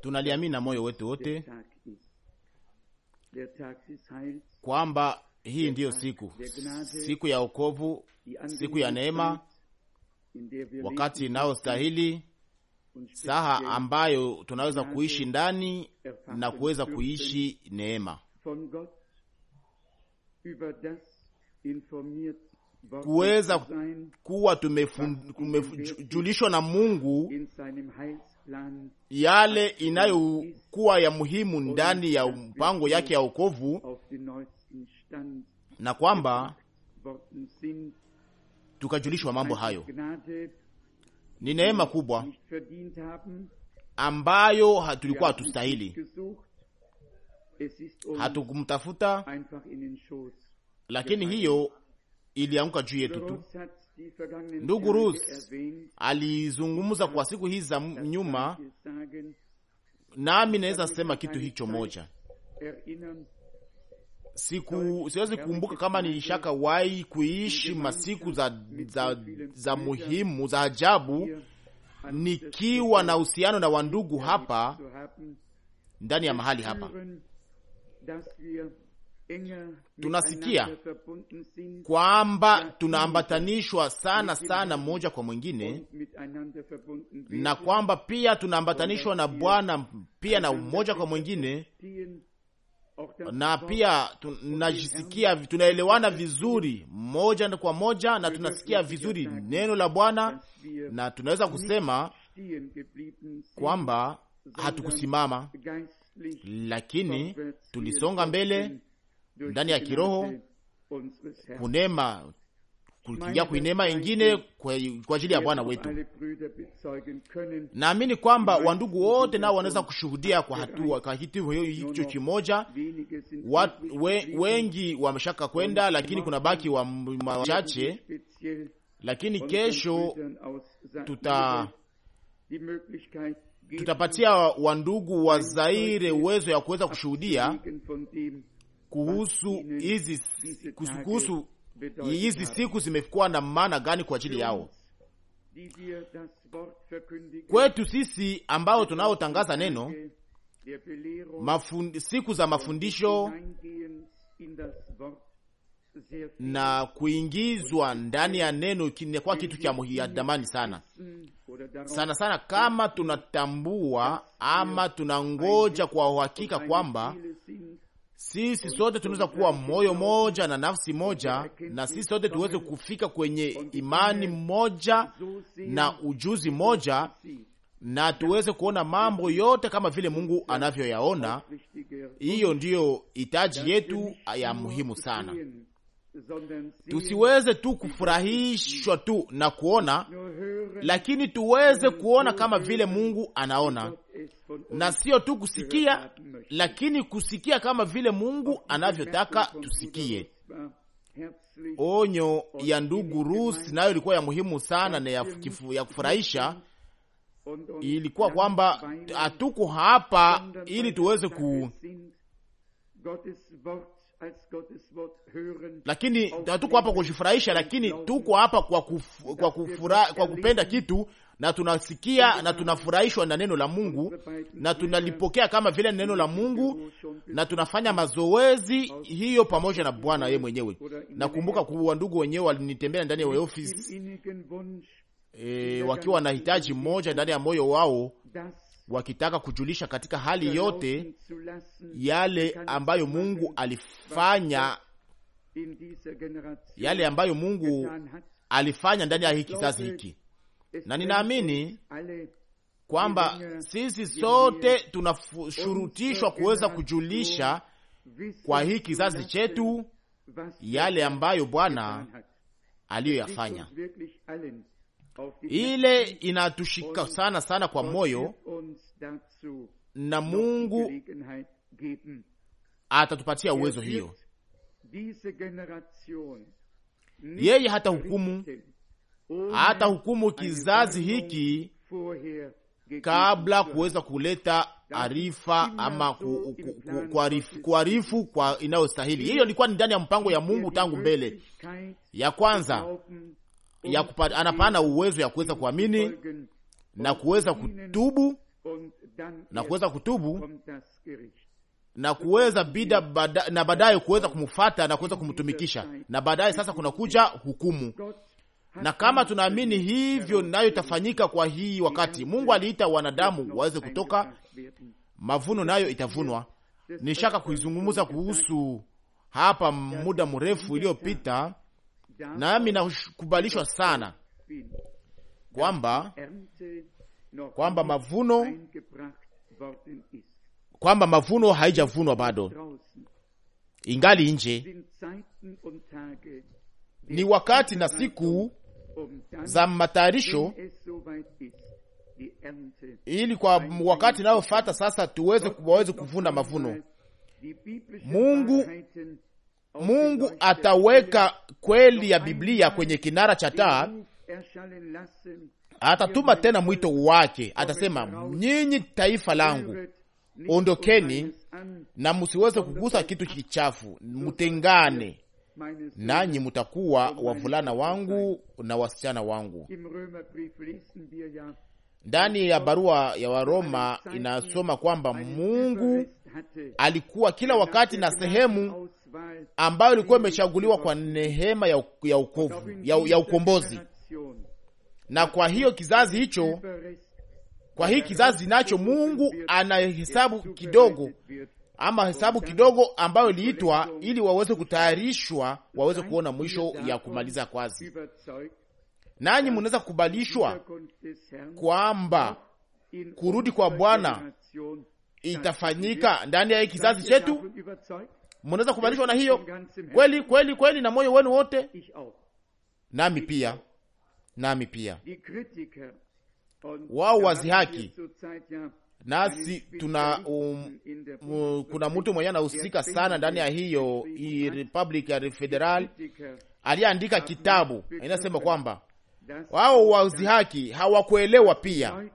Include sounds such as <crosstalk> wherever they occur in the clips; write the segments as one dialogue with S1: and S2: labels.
S1: tunaliamini na moyo wetu wote kwamba hii ndiyo siku siku ya okovu siku ya neema, wakati inayostahili, saha ambayo tunaweza kuishi ndani na kuweza kuishi neema
S2: kuweza
S1: kuwa tumejulishwa na Mungu
S2: yale inayokuwa
S1: ya muhimu ndani ya mpango yake ya wokovu, na kwamba tukajulishwa mambo hayo. Ni neema kubwa ambayo tulikuwa hatustahili, hatukumtafuta, lakini hiyo ilianguka juu yetu tu.
S2: Ndugu Rus
S1: alizungumza kwa siku hizi za nyuma, nami naweza sema kitu hicho moja. Siku siwezi kukumbuka kama nilishaka wahi kuishi masiku za, za, za muhimu za ajabu nikiwa na uhusiano na wandugu hapa ndani ya mahali hapa
S2: tunasikia
S1: kwamba tunaambatanishwa sana sana mmoja kwa mwingine, na kwamba pia tunaambatanishwa na Bwana pia na mmoja kwa mwingine, na pia tunajisikia, tunaelewana vizuri moja kwa moja, na tunasikia vizuri neno la Bwana, na tunaweza kusema kwamba hatukusimama, lakini tulisonga mbele ndani ya kiroho
S2: eh,
S1: kunema kuingia kuinema ingine kwa ajili ya Bwana wetu. Naamini kwamba wandugu wote nao wanaweza kushuhudia kwa hatua kwa hiti hicho kimoja. We, wengi wameshaka kwenda, lakini kuna baki wa machache, lakini kesho tuta tutapatia wandugu wa Zaire uwezo ya kuweza kushuhudia kuhusu hizi kuhusu hizi siku zimekuwa na maana gani kwa ajili yao kwetu sisi ambao tunaotangaza neno mafundi, siku za mafundisho na kuingizwa ndani ya neno kwa kitu cha muhiadamani mm, sana sana sana, kama tunatambua ama tunangoja kwa uhakika kwamba sisi sote tunaweza kuwa moyo moja na nafsi moja, na sisi sote tuweze kufika kwenye imani moja na ujuzi moja, na tuweze kuona mambo yote kama vile Mungu anavyoyaona. Hiyo ndiyo hitaji yetu ya muhimu sana tusiweze tu kufurahishwa tu na kuona, lakini tuweze kuona kama vile Mungu anaona, na sio tu kusikia, lakini kusikia kama vile Mungu anavyotaka tusikie. Onyo ya ndugu Rusi nayo ilikuwa ya muhimu sana na ya kufurahisha ilikuwa kwamba hatuko hapa ili tuweze ku lakini hatuko hapa kujifurahisha, lakini tuko hapa kwa, kufu, kwa, kufura, kwa kupenda kitu na tunasikia na tunafurahishwa na neno la Mungu na tunalipokea kama vile neno la Mungu na tunafanya mazoezi hiyo pamoja na Bwana yeye mwenyewe. Nakumbuka kuwa ndugu wenyewe walinitembea ndani ya ofisi e, eh, wakiwa na hitaji moja ndani ya moyo wao wakitaka kujulisha katika hali yote yale ambayo Mungu alifanya,
S2: yale ambayo Mungu
S1: alifanya ndani ya hiki kizazi hiki, na ninaamini kwamba uh, sisi sote tunashurutishwa kuweza kujulisha kwa hii kizazi uh, chetu yale ambayo Bwana aliyoyafanya
S2: ile inatushika sana
S1: sana kwa moyo, na Mungu atatupatia uwezo hiyo.
S2: Yeye hata hukumu hata
S1: hukumu kizazi hiki kabla kuweza kuleta arifa ama kuarifu kwa inayostahili. Hiyo ilikuwa ni ndani ya mpango ya Mungu tangu mbele ya kwanza
S2: ya kupata, anapana
S1: uwezo ya kuweza kuamini na kuweza kutubu na kuweza kutubu na kuweza bida bada, na baadaye kuweza kumfata na kuweza kumtumikisha, na baadaye sasa kunakuja hukumu. Na kama tunaamini hivyo, nayo itafanyika kwa hii wakati. Mungu aliita wanadamu waweze kutoka mavuno, nayo itavunwa. Nishaka kuizungumza kuhusu hapa muda mrefu iliyopita nami nakubalishwa sana kwamba kwamba mavuno kwamba mavuno haijavunwa bado, ingali nje. Ni wakati na siku
S2: za matayarisho,
S1: ili kwa wakati nayofata sasa tuweze waweze kuvuna mavuno
S2: Mungu
S1: Mungu ataweka kweli ya Biblia kwenye kinara cha taa. Atatuma tena mwito wake, atasema, nyinyi taifa langu, ondokeni na msiweze kugusa kitu kichafu, mtengane nanyi mutakuwa wavulana wangu na wasichana wangu. Ndani ya barua ya Waroma inasoma kwamba Mungu alikuwa kila wakati na sehemu ambayo ilikuwa imechaguliwa kwa nehema ya, ya ukovu ya, ya ukombozi. Na kwa hiyo kizazi hicho, kwa hii kizazi nacho Mungu ana hesabu kidogo ama hesabu kidogo ambayo iliitwa ili waweze kutayarishwa waweze kuona mwisho ya kumaliza kwazi. Nanyi munaweza kukubalishwa kwamba kurudi kwa Bwana itafanyika ndani ya hii kizazi chetu.
S2: Mnaweza kubadilishwa na hiyo kweli
S1: kweli kweli na moyo wenu wote? Nami pia, nami pia. Wao wazi haki nasi tuna um, um, kuna mtu mwenye anahusika sana ndani ya hiyo Republic ya Federal aliyeandika kitabu inasema kwamba wao wazi haki hawakuelewa pia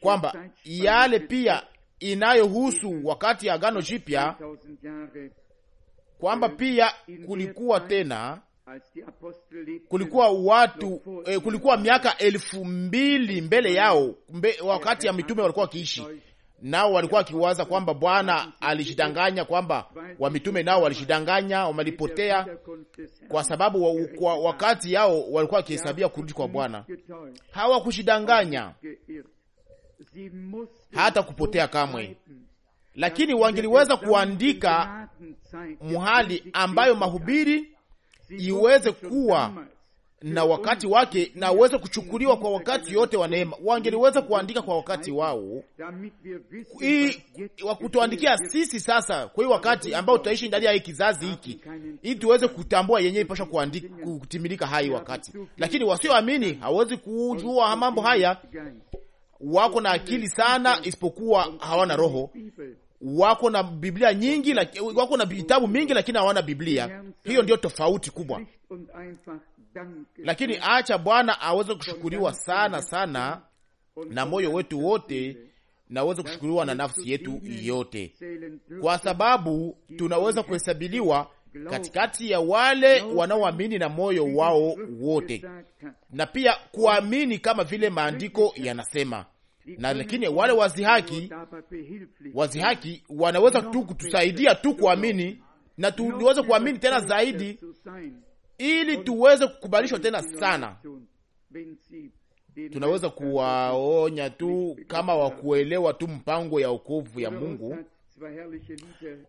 S1: kwamba yale pia inayohusu wakati ya Agano Jipya, kwamba pia kulikuwa tena kulikuwa watu eh, kulikuwa miaka elfu mbili mbele yao mbe, wakati ya mitume walikuwa wakiishi nao walikuwa wakiwaza kwamba Bwana alishidanganya kwamba wamitume nao walishidanganya, wamelipotea kwa sababu wa, kwa wakati yao walikuwa wakihesabia kurudi kwa Bwana. Hawakushidanganya, hata kupotea kamwe. Lakini wangeliweza kuandika muhali ambayo mahubiri iweze kuwa na wakati wake na uweze kuchukuliwa kwa wakati yote wa neema. Wangeliweza kuandika kwa wakati wao wa kutuandikia sisi sasa, kwa hiyo wakati ambao tutaishi ndani ya hii kizazi hiki, ili tuweze kutambua yenyewe ipasha kuandika kutimilika hai wakati. Lakini wasioamini hawezi kujua mambo haya, wako na akili sana, isipokuwa hawana roho. Wako na Biblia nyingi, wako na vitabu mingi, lakini hawana Biblia. Hiyo ndio tofauti kubwa. Lakini acha Bwana aweze kushukuriwa sana sana na moyo wetu wote na uweze kushukuriwa na nafsi yetu yote, kwa sababu tunaweza kuhesabiliwa katikati ya wale wanaoamini na moyo wao wote, na pia kuamini kama vile maandiko yanasema. Na lakini wale wazihaki, wazihaki wanaweza tu kutusaidia tu kuamini na tuweze kuamini tena zaidi, ili tuweze kukubalishwa tena sana. Tunaweza kuwaonya tu kama wakuelewa tu mpango ya wokovu ya Mungu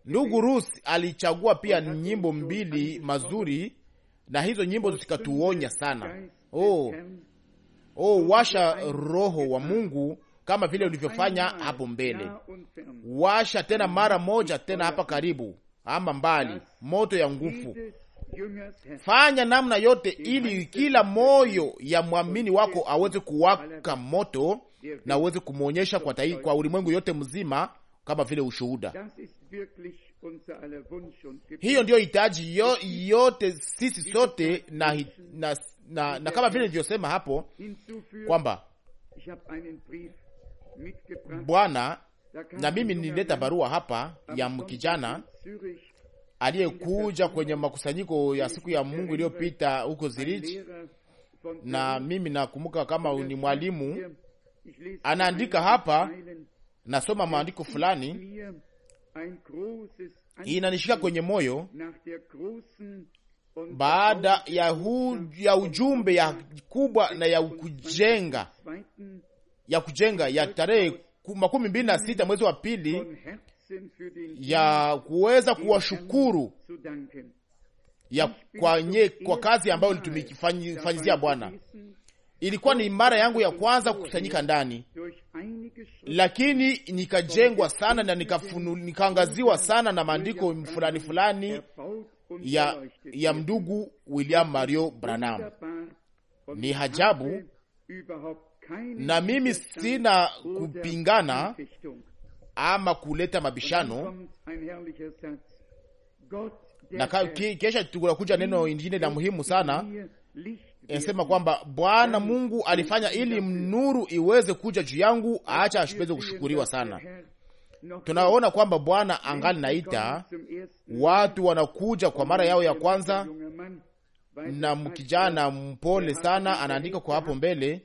S1: Ndugu Rus alichagua pia nyimbo mbili mazuri, na hizo nyimbo zikatuonya sana. Oh, oh, washa Roho wa Mungu kama vile ulivyofanya hapo mbele. Washa tena mara moja tena, hapa karibu ama mbali, moto ya nguvu. Fanya namna yote, ili kila moyo ya mwamini wako aweze kuwaka moto na uweze kumwonyesha kwa, kwa ulimwengu yote mzima kama vile ushuhuda. Hiyo ndiyo hitaji yo, yote sisi sote na, na, na, na kama vile nilivyosema hapo kwamba Bwana na mimi nilileta barua hapa ya mkijana aliyekuja kwenye makusanyiko ya siku ya Mungu iliyopita huko Zurich, na mimi nakumbuka kama ni mwalimu anaandika hapa nasoma maandiko fulani
S2: inanishika kwenye moyo
S1: baada ya, hu, ya ujumbe ya kubwa na ya kujenga ya kujenga ya tarehe makumi mbili na sita mwezi wa pili ya kuweza kuwashukuru ya kwa, nye, kwa kazi ambayo litumikifanyizia Bwana Ilikuwa ni mara yangu ya kwanza kukusanyika ndani, lakini nikajengwa sana na nikaangaziwa sana na maandiko fulani fulani ya, ya mndugu William Mario Branham. Ni hajabu
S2: na mimi sina kupingana
S1: ama kuleta mabishano na kesha tunakuja neno ingine la muhimu sana inasema kwamba Bwana Mungu alifanya ili nuru iweze kuja juu yangu, acha ashipeze kushukuriwa sana. Tunaona kwamba Bwana angali naita watu wanakuja kwa mara yao ya kwanza, na mkijana mpole sana anaandika kwa hapo mbele,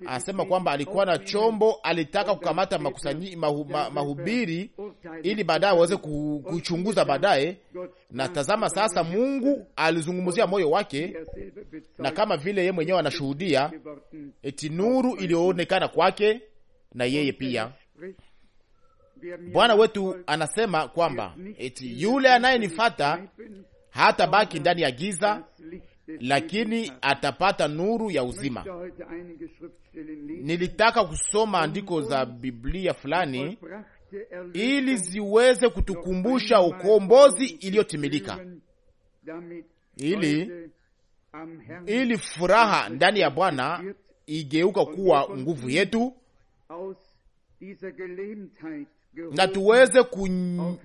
S1: anasema kwamba alikuwa na chombo, alitaka kukamata makusanyi, mahu, ma, mahubiri ili baadaye waweze kuchunguza baadaye. Na tazama sasa, Mungu alizungumzia moyo wake, na kama vile ye mwenyewe anashuhudia eti nuru iliyoonekana kwake na yeye pia. Bwana wetu anasema kwamba eti yule anayenifata hata baki ndani ya giza, lakini atapata nuru ya uzima. Nilitaka kusoma andiko za Biblia fulani ili ziweze kutukumbusha ukombozi iliyotimilika, ili ili furaha ndani ya Bwana igeuka kuwa nguvu yetu na tuweze kusimamishwa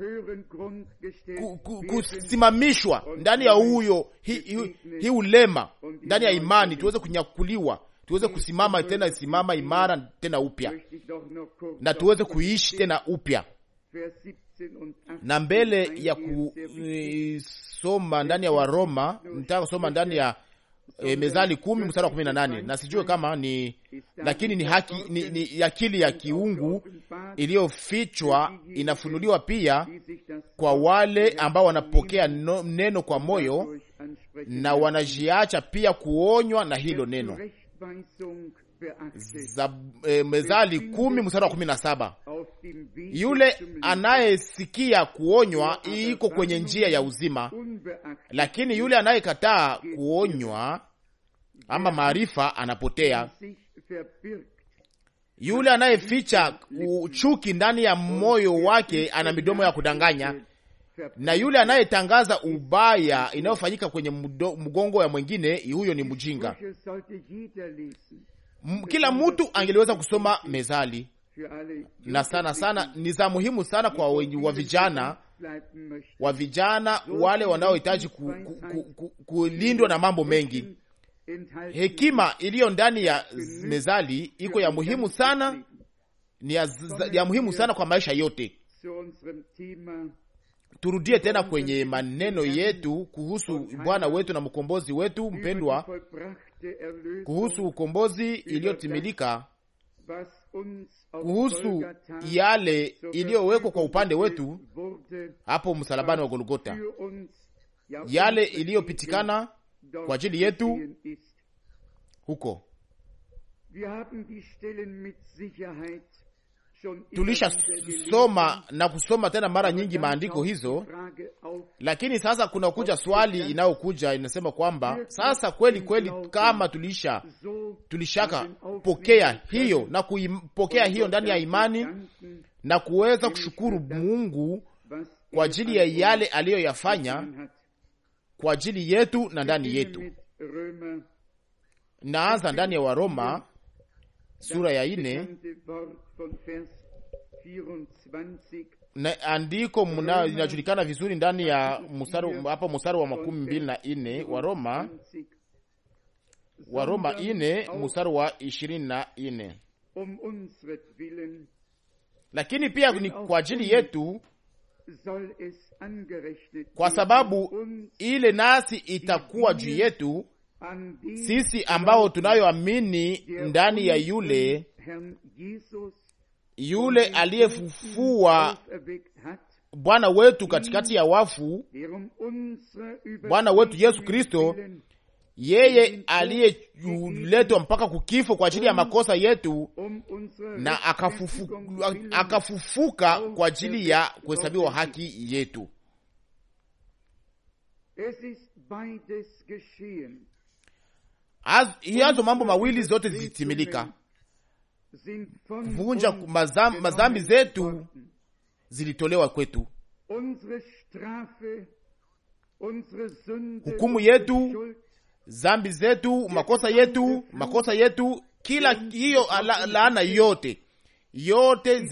S1: ku, ku, kusimamishwa ndani ya huyo hii hi, hi ulema ndani ya imani, tuweze kunyakuliwa, tuweze kusimama tena, simama imara tena upya, na tuweze kuishi tena upya na mbele ya kusoma eh, ndani ya Waroma, nitaka kusoma ndani ya e, Mezali kumi mstari wa kumi na nane na sijue kama ni lakini ni haki ni, ni akili ya kiungu iliyofichwa inafunuliwa pia kwa wale ambao wanapokea no, neno kwa moyo na wanajiacha pia kuonywa na hilo neno za e, Mezali kumi mstari wa kumi na saba yule anayesikia kuonywa iko kwenye njia ya uzima, lakini yule anayekataa kuonywa ama maarifa anapotea. Yule anayeficha chuki ndani ya moyo wake ana midomo ya kudanganya, na yule anayetangaza ubaya inayofanyika kwenye mgongo ya mwingine, huyo ni mjinga kila mtu angeliweza kusoma mezali, na sana sana ni za muhimu sana kwa wa vijana wa vijana wale wanaohitaji kulindwa ku, ku, ku na mambo mengi. Hekima iliyo ndani ya mezali iko ya muhimu sana, ni ya, ya muhimu sana kwa maisha yote turudie tena kwenye maneno yetu kuhusu Bwana wetu na mkombozi wetu mpendwa, kuhusu ukombozi iliyotimilika,
S2: kuhusu yale iliyowekwa kwa upande wetu hapo msalabani wa Golgota, yale iliyopitikana
S1: kwa ajili yetu huko
S2: tulishasoma
S1: na kusoma tena mara nyingi maandiko hizo, lakini sasa kuna kuja swali inayokuja inasema kwamba sasa kweli kweli, kama tulisha tulishaka pokea hiyo na kuipokea hiyo ndani ya imani na kuweza kushukuru Mungu kwa ajili ya yale aliyoyafanya kwa ajili yetu na ndani yetu. Naanza ndani ya Waroma sura ya ine na andiko linajulikana vizuri ndani ya mstari hapo, mstari wa makumi mbili na ine wa Roma, wa Roma ine mstari wa ishirini na ine um, lakini pia ni kwa ajili yetu,
S2: kwa sababu
S1: ile nasi itakuwa juu yetu sisi ambao tunayoamini ndani ya yule yule aliyefufua Bwana wetu katikati ya wafu, Bwana wetu Yesu Kristo, yeye aliyeletwa mpaka kukifo kwa ajili ya makosa yetu na akafufu, akafufuka kwa ajili ya kuhesabiwa haki yetu. Hazo mambo mawili zote zilitimilika vunja mazambi zetu zilitolewa kwetu,
S2: hukumu yetu,
S1: zambi zetu, makosa yetu, makosa yetu, kila hiyo laana yote yote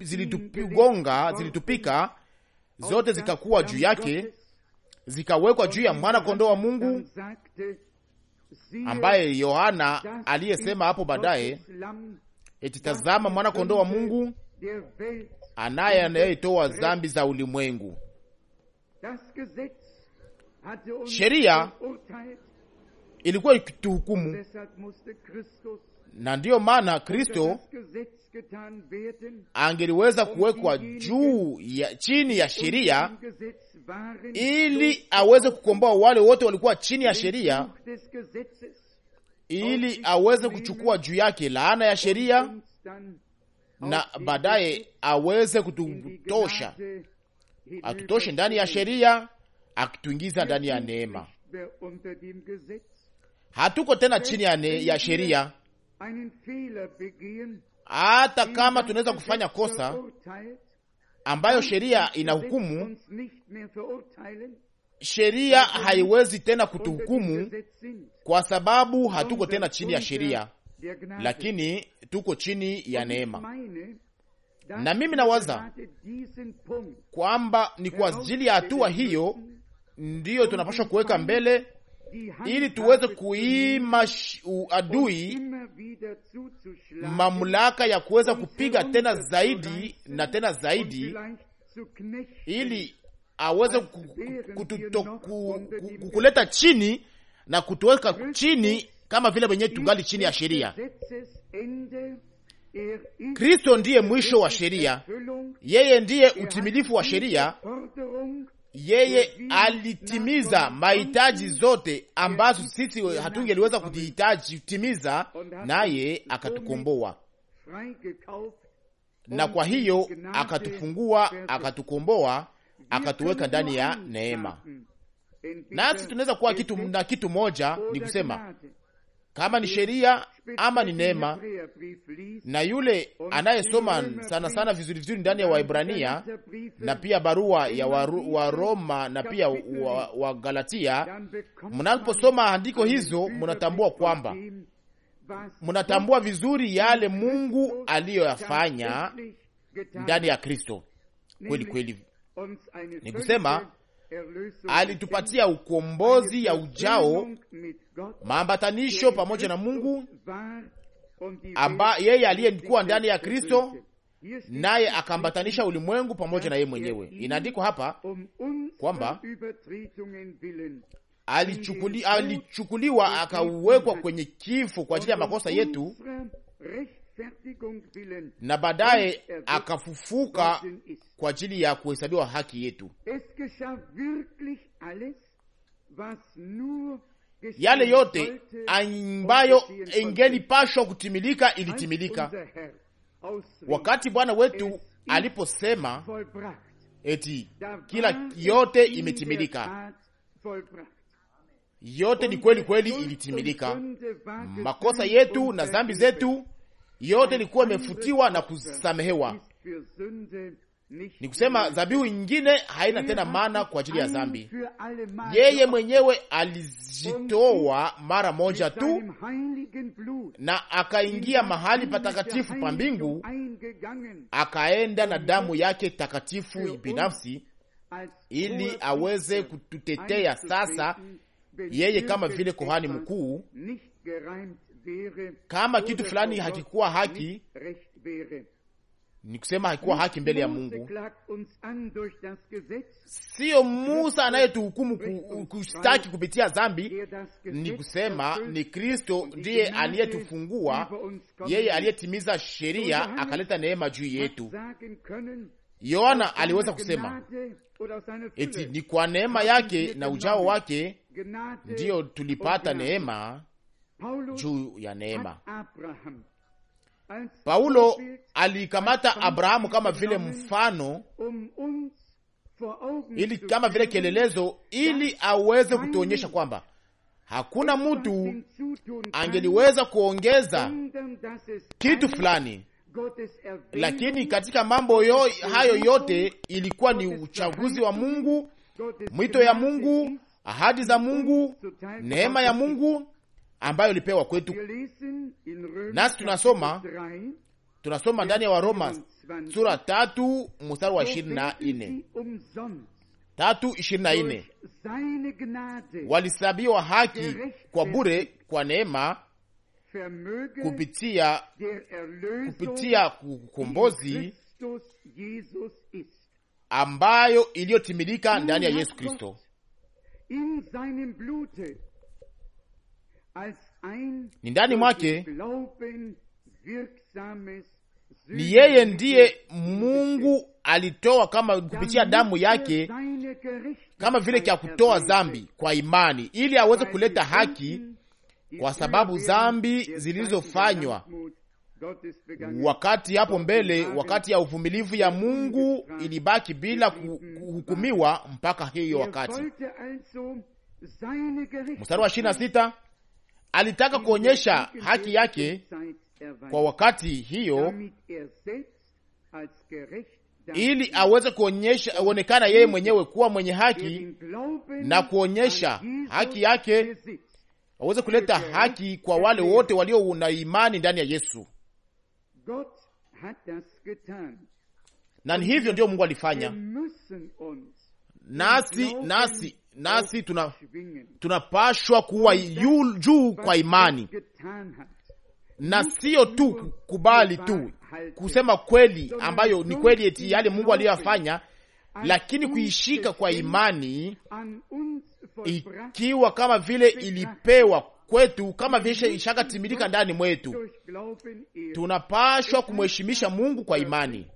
S1: zilitugonga, zilitupika, zote zikakuwa juu yake, zikawekwa juu ya mwana kondoo wa Mungu ambaye Yohana aliyesema hapo baadaye eti tazama, mwana kondoo wa Mungu anaye anayetoa dhambi za ulimwengu.
S2: Sheria
S1: ilikuwa ikituhukumu, na ndiyo maana Kristo angeliweza kuwekwa juu ya chini ya sheria
S2: ili
S1: aweze kukomboa wale wote walikuwa chini ya sheria ili aweze kuchukua juu yake laana ya sheria na baadaye aweze kututosha,
S2: atutoshe ndani ya sheria,
S1: akituingiza ndani ya neema. Hatuko tena chini ya, ya sheria. Hata kama tunaweza kufanya kosa ambayo sheria inahukumu sheria haiwezi tena kutuhukumu kwa sababu hatuko tena chini ya sheria, lakini tuko chini ya neema. Na mimi nawaza kwamba ni kwa ajili ya hatua hiyo ndiyo tunapaswa kuweka mbele
S2: ili tuweze
S1: kuima adui mamlaka ya kuweza kupiga tena zaidi na tena zaidi, ili aweze kukuleta chini na kutuweka chini kama vile wenyewe tungali chini ya sheria. Kristo ndiye mwisho wa sheria, yeye ndiye utimilifu wa sheria. Yeye alitimiza mahitaji zote ambazo sisi hatungeliweza kujihitaji kutimiza, naye akatukomboa, na kwa hiyo akatufungua, akatukomboa akatuweka ndani ya neema,
S2: mm, nasi
S1: tunaweza kuwa kitu na kitu moja, ni kusema kama ni sheria ama ni neema. Na yule anayesoma sana sana vizuri vizuri ndani ya Waibrania na pia barua ya Waroma wa na pia wa wa mnaposoma andiko hizo, mnatambua kwamba mnatambua vizuri yale Mungu aliyoyafanya ndani ya Kristo kweli kweli
S2: ni kusema
S1: alitupatia ukombozi ya ujao, maambatanisho pamoja na Mungu
S2: amba yeye
S1: aliyekuwa ndani ya Kristo naye akaambatanisha ulimwengu pamoja na yeye mwenyewe. Inaandikwa hapa kwamba alichukuli, alichukuliwa akauwekwa kwenye kifo kwa ajili ya makosa yetu
S2: na baadaye akafufuka
S1: kwa ajili ya kuhesabiwa haki yetu.
S2: Yale yote
S1: ambayo ingelipashwa kutimilika ilitimilika wakati Bwana wetu aliposema eti
S2: kila yote imetimilika.
S1: Yote ni kweli kweli ilitimilika, makosa yetu na dhambi zetu yote ilikuwa imefutiwa na kusamehewa. Ni kusema dhabihu nyingine haina tena maana kwa ajili ya dhambi.
S2: Yeye mwenyewe
S1: alijitoa mara moja tu na akaingia mahali patakatifu pa mbingu, akaenda na damu yake takatifu binafsi,
S2: ili aweze
S1: kututetea sasa, yeye kama vile kohani mkuu
S2: kama kitu fulani hakikuwa haki,
S1: ni kusema hakikuwa haki mbele ya Mungu. Siyo Musa anayetuhukumu kustaki kupitia dhambi, ni kusema ni Kristo ndiye aliyetufungua, yeye aliyetimiza sheria akaleta neema juu yetu. Yohana aliweza kusema eti ni kwa neema yake na ujao wake ndiyo tulipata neema juu ya neema. Paulo alikamata Abrahamu kama vile mfano
S2: um, um, ili kama vile
S1: kielelezo, ili aweze kutuonyesha kwamba hakuna mtu
S2: angeliweza
S1: kuongeza kitu fulani, lakini katika mambo yo, hayo yote ilikuwa ni uchaguzi wa Mungu, mwito ya Mungu, ahadi za Mungu, neema ya Mungu ambayo ilipewa kwetu, nasi tunasoma tunasoma ndani ya Waroma sura tatu mstari wa ishirini na nne tatu ishirini na nne walisabiwa haki kwa bure kwa neema
S2: kupitia kupitia
S1: kukombozi ambayo iliyotimilika ndani ya Yesu Kristo
S2: ni ndani mwake
S1: ni yeye ndiye Mungu alitoa kama kupitia damu yake, kama vile kya kutoa zambi kwa imani, ili aweze kuleta haki, kwa sababu er zambi zilizofanywa wakati hapo mbele, wakati ya uvumilivu ya Mungu ilibaki bila kuhukumiwa mpaka hiyo wakati.
S2: Mstari wa ishirini na sita
S1: alitaka kuonyesha haki yake kwa wakati hiyo, ili aweze kuonyesha onekana yeye mwenyewe kuwa mwenye haki na kuonyesha haki yake, aweze kuleta haki kwa wale wote walio na imani ndani ya Yesu. Na hivyo ndio Mungu alifanya nasi nasi nasi tuna tunapashwa kuwa juu kwa imani na sio tu kubali tu kusema kweli ambayo ni kweli eti yale Mungu aliyoyafanya, lakini kuishika kwa imani, ikiwa kama vile ilipewa kwetu, kama vile ishakatimilika ndani mwetu. Tunapashwa kumheshimisha Mungu kwa imani.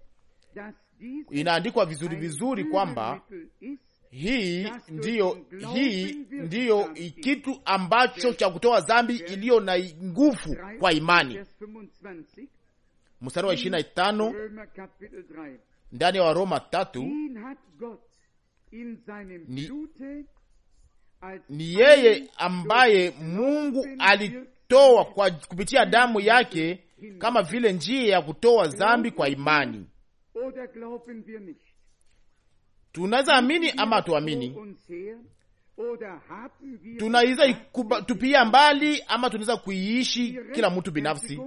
S1: Inaandikwa vizuri vizuri kwamba hii ndiyo, hii ndiyo kitu ambacho cha kutoa dhambi iliyo na nguvu kwa imani. Mstari wa ishirini itano ndani ya Waroma tatu
S2: ni, ni yeye
S1: ambaye Mungu alitoa kwa kupitia damu yake kama vile njia ya kutoa dhambi kwa imani tunaweza amini ama tuamini, tunaweza tupia mbali ama tunaweza kuiishi kila mtu binafsi.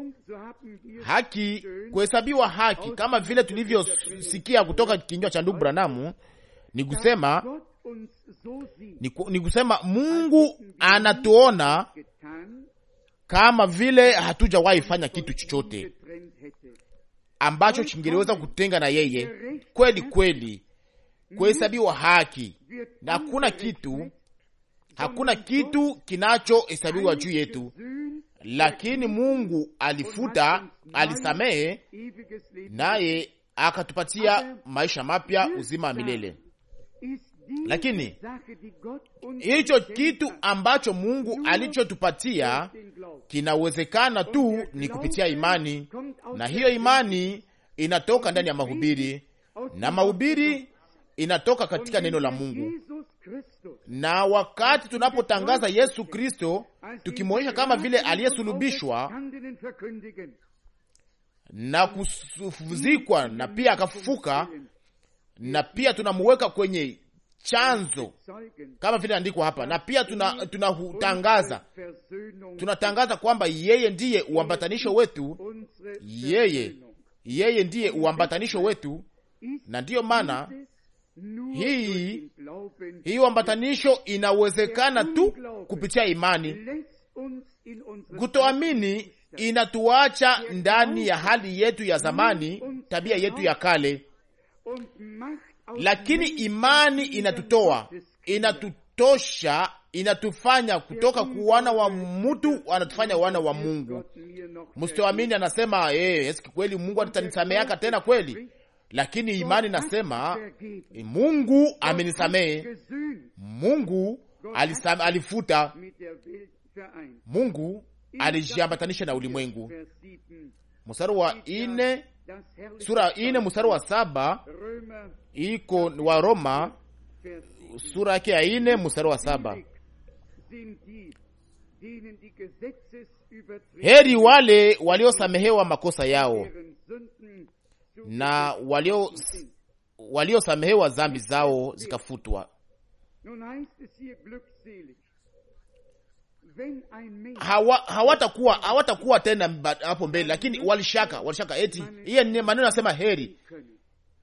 S1: Haki, kuhesabiwa haki, kama vile tulivyosikia kutoka kinywa cha ndugu Branamu, ni kusema ni kusema Mungu anatuona kama vile hatujawahi fanya kitu chochote ambacho chingeliweza kutenga na yeye. Kweli kweli kuhesabiwa haki, na hakuna kitu, hakuna kitu kinachohesabiwa juu yetu, lakini Mungu alifuta, alisamehe, naye akatupatia maisha mapya, uzima wa milele. Lakini hicho kitu ambacho Mungu alichotupatia kinawezekana tu ni kupitia imani, na hiyo imani inatoka ndani ya mahubiri, na mahubiri inatoka katika neno la Mungu, na wakati tunapotangaza Yesu Kristo
S2: tukimwonyesha kama vile aliyesulubishwa
S1: na kuzikwa na pia akafufuka, na pia tunamuweka kwenye chanzo kama vile andikwa hapa, na pia tunatangaza tuna tunatangaza kwamba yeye ndiye uambatanisho wetu, yeye yeye ndiye uambatanisho wetu, na ndiyo maana hii hii ambatanisho inawezekana tu kupitia imani. Kutoamini inatuacha ndani ya hali yetu ya zamani, tabia yetu ya kale, lakini imani inatutoa, inatutosha, inatufanya kutoka kuwana wa mtu, anatufanya wana wa Mungu. Msitoamini anasema hey, eh, kweli Mungu atanisameaka tena kweli? lakini imani nasema eh, Mungu amenisamehe, Mungu alisame, alifuta, Mungu alijiambatanisha na ulimwengu. Mstari wa ine, sura ine mstari wa saba iko wa Roma sura yake ya ine mstari wa saba heri wale waliosamehewa makosa yao na walio waliosamehewa dhambi zao zikafutwa. Hawa, hawatakuwa tena hapo mbele, lakini walishaka walishaka, eti hiye ni maneno nasema heri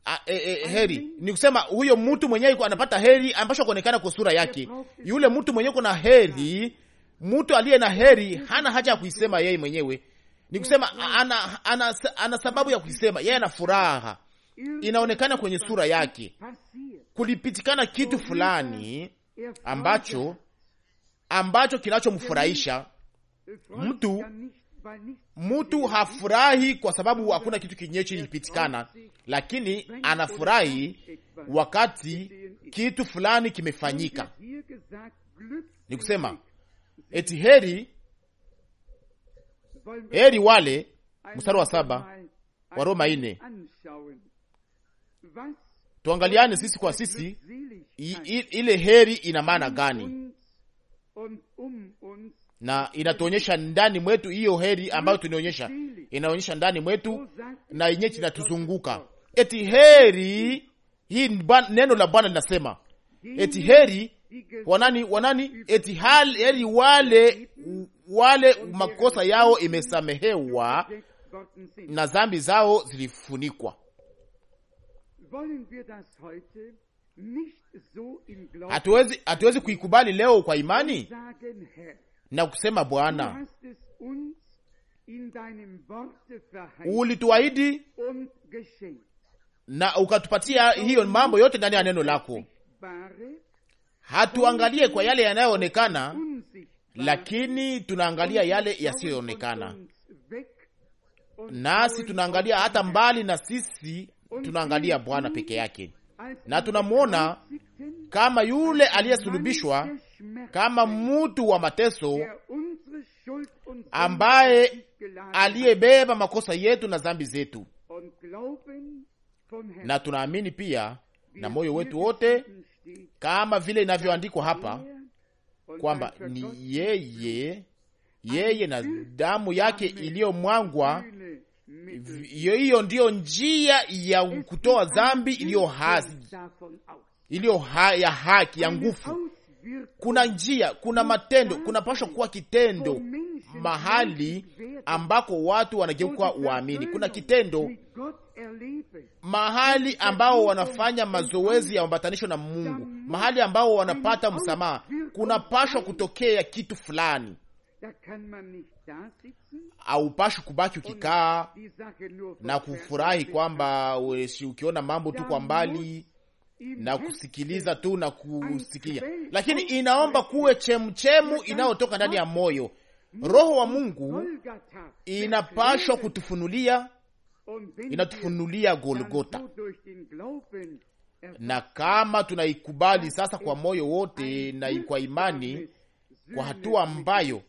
S1: A, e, e, heri ni kusema huyo mtu mwenyewe anapata heri ambacho kuonekana kwa sura yake. Yule mtu mwenyewe kuna heri, mtu aliye na heri hana haja ya kuisema yeye mwenyewe, ni kusema mm-hmm. ana, ana, ana sababu ya kusema yeye ana furaha, inaonekana kwenye sura yake kulipitikana kitu fulani ambacho ambacho kinachomfurahisha mtu. Mtu hafurahi kwa sababu hakuna kitu kinyewe kilipitikana, lakini anafurahi wakati kitu fulani kimefanyika. Ni kusema eti heri Heri wale, mstari wa saba wa Roma ine. Tuangaliane sisi kwa sisi, ile heri ina maana um, gani,
S2: um, um,
S1: na inatuonyesha ndani mwetu hiyo heri ambayo tunaonyesha, inaonyesha ndani mwetu na yenye inatuzunguka. Eti heri hii, neno la Bwana linasema
S2: eti heri
S1: wanani, wanani, eti hali heri wale wale makosa yao imesamehewa na dhambi zao zilifunikwa. Hatuwezi hatuwezi kuikubali leo kwa imani na kusema Bwana,
S2: ulituahidi
S1: na ukatupatia hiyo mambo yote ndani ya neno lako. Hatuangalie kwa yale yanayoonekana, lakini tunaangalia yale yasiyoonekana, nasi tunaangalia hata mbali na sisi, tunaangalia Bwana peke yake, na tunamwona kama yule aliyesulubishwa, kama mutu wa mateso
S2: ambaye aliyebeba
S1: makosa yetu na zambi zetu, na tunaamini pia na moyo wetu wote, kama vile inavyoandikwa hapa kwamba ni yeye yeye na damu yake iliyomwangwa hiyo ndiyo njia ya kutoa dhambi iliyo hasi iliyo ha, ya haki ya nguvu. Kuna njia, kuna matendo, kunapashwa kuwa kitendo mahali ambako watu wanageuka waamini. Kuna kitendo mahali ambao wanafanya mazoezi ya ambatanisho na Mungu, mahali ambao wanapata msamaha, kunapashwa kutokea kitu fulani. Haupashi kubaki ukikaa na kufurahi kwamba ukiona mambo tu kwa mbali na kusikiliza tu na kusikia, lakini inaomba kuwe chemchemu inayotoka ndani ya moyo. Roho wa Mungu
S2: inapashwa
S1: kutufunulia inatufunulia Golgota, na kama tunaikubali sasa kwa moyo wote na kwa imani, kwa hatua ambayo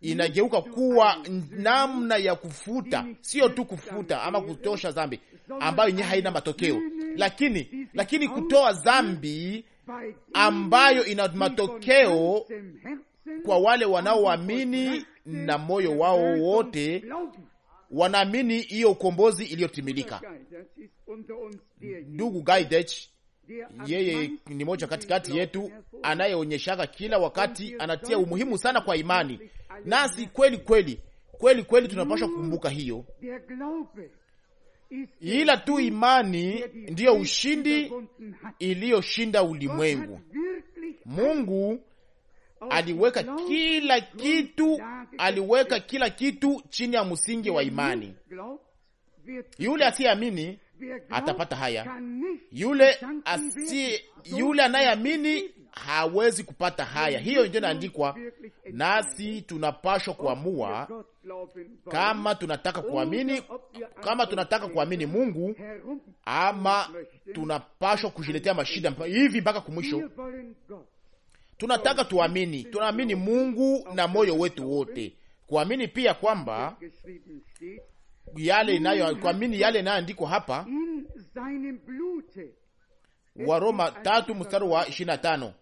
S1: inageuka kuwa namna ya kufuta, sio tu kufuta ama kutosha dhambi ambayo yenyewe haina matokeo, lakini lakini kutoa dhambi ambayo ina matokeo kwa wale wanaoamini na moyo wao wote wanaamini hiyo ukombozi iliyotimilika. Ndugu Gaidech, yeye ni moja katikati yetu anayeonyeshaka kila wakati, anatia umuhimu sana kwa imani, nasi kweli kweli kweli kweli tunapaswa kukumbuka hiyo, ila tu imani ndiyo ushindi iliyoshinda ulimwengu. Mungu Oh, aliweka kila kitu, aliweka kila kitu chini ya msingi wa imani. Yule asiyeamini
S2: atapata haya,
S1: yule asi, yule anayeamini hawezi kupata haya. Hiyo ndio inaandikwa, nasi tunapashwa kuamua kama tunataka kuamini, kama tunataka kuamini Mungu ama tunapashwa kujiletea mashida hivi mpaka kumwisho. Tunataka tuamini, tunaamini Mungu na moyo wetu wote, kuamini pia kwamba
S2: yale inayo, kuamini
S1: yale inayoandikwa hapa wa Roma tatu mstari wa ishirini na tano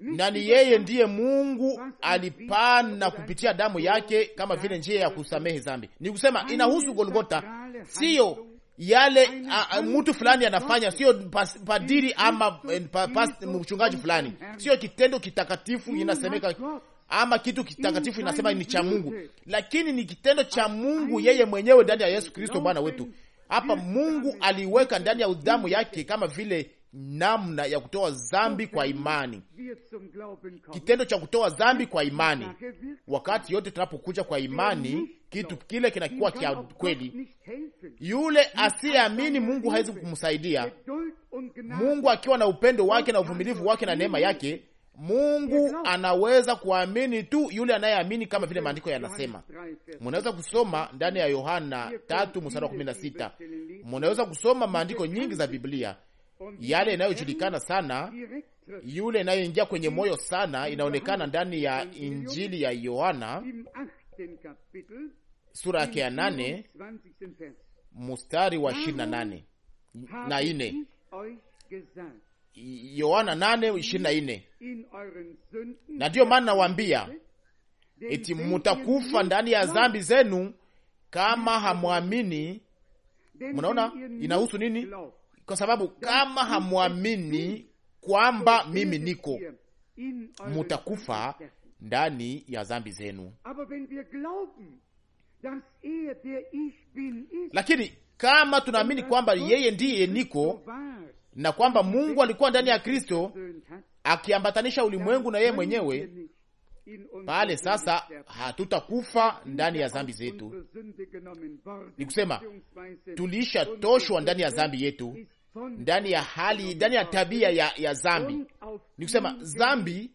S1: na ni yeye ndiye Mungu alipana kupitia damu yake kama vile njia ya kusamehe dhambi. Ni kusema inahusu Golgota, siyo yale mtu fulani anafanya, sio padiri ama eh, mchungaji fulani, sio kitendo kitakatifu inasemeka ama kitu kitakatifu inasema ni cha Mungu, lakini ni kitendo cha Mungu yeye mwenyewe ndani ya Yesu Kristo Bwana wetu. Hapa Mungu aliweka ndani ya udamu yake kama vile namna ya kutoa zambi kwa imani, kitendo cha kutoa zambi kwa imani. Wakati yote tunapokuja kwa imani, kitu kile kinakuwa cha kweli. Yule asiyeamini Mungu hawezi kumsaidia. Mungu akiwa na upendo wake na uvumilivu wake na neema yake, Mungu anaweza kuamini tu yule anayeamini, kama vile maandiko yanasema. Munaweza kusoma ndani ya Yohana 3 mstari wa 16. Munaweza kusoma maandiko nyingi za Biblia yale yanayojulikana sana, yule inayoingia kwenye moyo sana, inaonekana ndani ya Injili ya Yohana
S2: sura yake ya nane
S1: mustari wa ishirini na nane na ine Yohana nane ishirini na ine
S2: Na ndiyo maana nawaambia
S1: eti mutakufa ndani ya zambi zenu kama hamwamini.
S2: Mnaona inahusu nini?
S1: kwa sababu kama hamwamini kwamba mimi niko,
S2: mutakufa
S1: ndani ya dhambi zenu.
S2: Lakini kama tunaamini kwamba yeye
S1: ndiye niko na kwamba Mungu alikuwa ndani ya Kristo akiambatanisha ulimwengu na yeye mwenyewe, pale sasa hatutakufa ndani ya dhambi zetu. Ni kusema tuliisha toshwa ndani ya dhambi yetu, ndani ya hali, ndani ya tabia ya, ya zambi. Ni kusema zambi,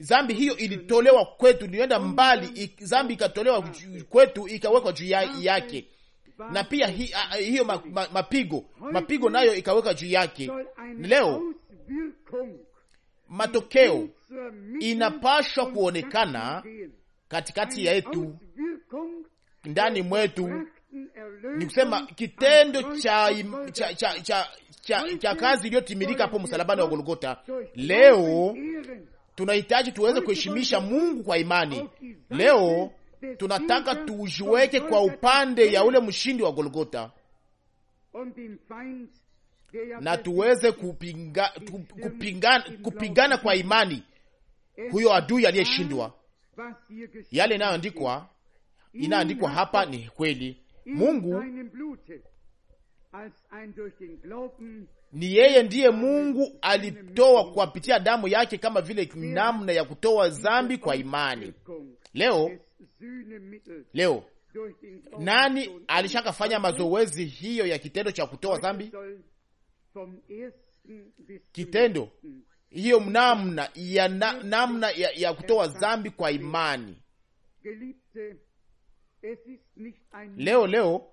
S1: zambi hiyo ilitolewa kwetu, nienda mbali, zambi ikatolewa kwetu, ikawekwa juu ya, yake na pia hi, a, hiyo ma, ma, mapigo mapigo nayo ikaweka juu yake. Leo matokeo
S2: inapashwa kuonekana
S1: katikati yetu, ndani mwetu ni kusema kitendo cha, cha, cha, cha, cha, cha kazi iliyotimilika hapo msalabani wa Golgota. Leo tunahitaji tuweze kuheshimisha Mungu kwa imani. Leo tunataka tujiweke kwa upande ya ule mshindi wa Golgota
S2: na tuweze
S1: kupinga, kupinga, kupigana kwa imani
S2: huyo adui aliyeshindwa. Yale inayoandikwa
S1: inaandikwa hapa ni kweli Mungu ni yeye ndiye Mungu alitoa kupitia damu yake, kama vile namna ya kutoa zambi kwa imani. Leo
S2: leo nani alishaka fanya mazoezi
S1: hiyo ya kitendo cha kutoa zambi, kitendo hiyo namna ya na, namna ya, ya kutoa zambi kwa imani
S2: leo leo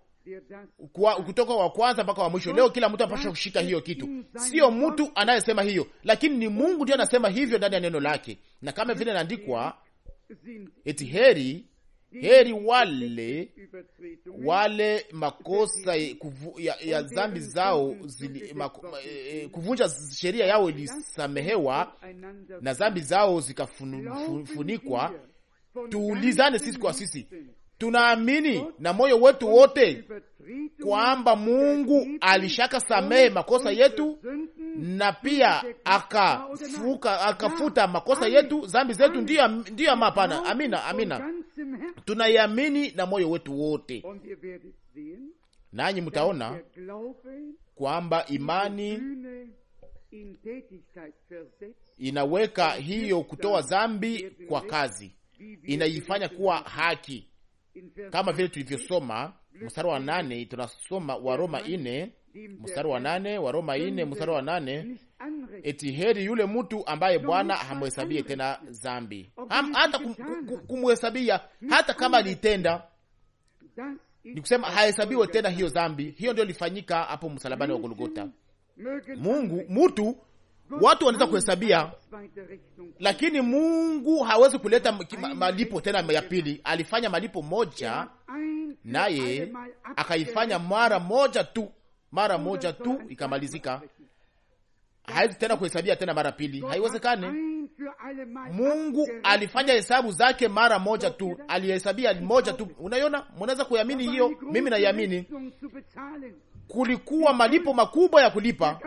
S1: kwa, kutoka wa kwanza mpaka wa mwisho. Leo kila mtu anapaswa kushika hiyo kitu, sio mtu anayesema hiyo, lakini ni Mungu ndiye anasema hivyo ndani ya neno lake, na kama vile inaandikwa eti heri heri wale wale makosa kufu, ya, ya zambi zao zili, mako, eh, eh kuvunja sheria yao ilisamehewa na zambi zao zikafunikwa. Tuulizane sisi kwa sisi, tunaamini na moyo wetu wote kwamba Mungu alishaka samehe makosa yetu na pia akafuka akafuta makosa yetu zambi zetu. Ndiyo, ndiyo ama hapana? Amina, amina. Tunaiamini na moyo wetu wote, nanyi mtaona kwamba imani inaweka hiyo kutoa zambi kwa kazi, inaifanya kuwa haki kama vile tulivyosoma mstari wa nane, tunasoma wa Roma ine mstari wa nane, wa Roma ine mstari wa nane, eti heri yule mtu ambaye Bwana hamhesabie tena zambi, hata kumhesabia hata kama alitenda ni kusema hahesabiwe tena hiyo zambi. Hiyo ndio ilifanyika hapo msalabani wa Golgota. Mungu mtu watu wanaweza kuhesabia, lakini Mungu hawezi kuleta malipo tena ya pili. Alifanya malipo moja,
S2: naye
S1: akaifanya mara moja tu, mara moja tu ikamalizika. Hawezi tena kuhesabia tena mara pili, haiwezekani. Mungu alifanya hesabu zake mara moja tu, alihesabia moja tu. Unaiona, mnaweza kuamini hiyo? Mimi naiamini kulikuwa malipo makubwa ya kulipa,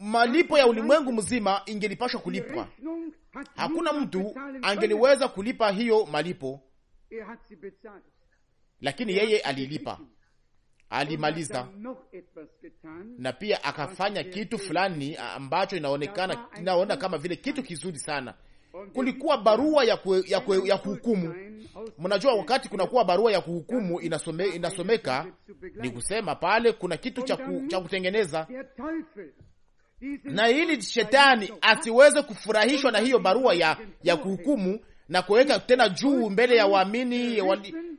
S1: malipo ya ulimwengu mzima ingelipashwa kulipwa. Hakuna mtu angeliweza kulipa hiyo malipo, lakini yeye alilipa, alimaliza, na pia akafanya kitu fulani ambacho inaonekana, inaona kama vile kitu kizuri sana kulikuwa barua ya, kwe, ya, kwe, ya kuhukumu. Mnajua, wakati kunakuwa barua ya kuhukumu inasome, inasomeka ni kusema pale kuna kitu cha, ku, cha kutengeneza, na ili shetani asiweze kufurahishwa na hiyo barua ya, ya kuhukumu na kuweka tena juu mbele ya waamini ya,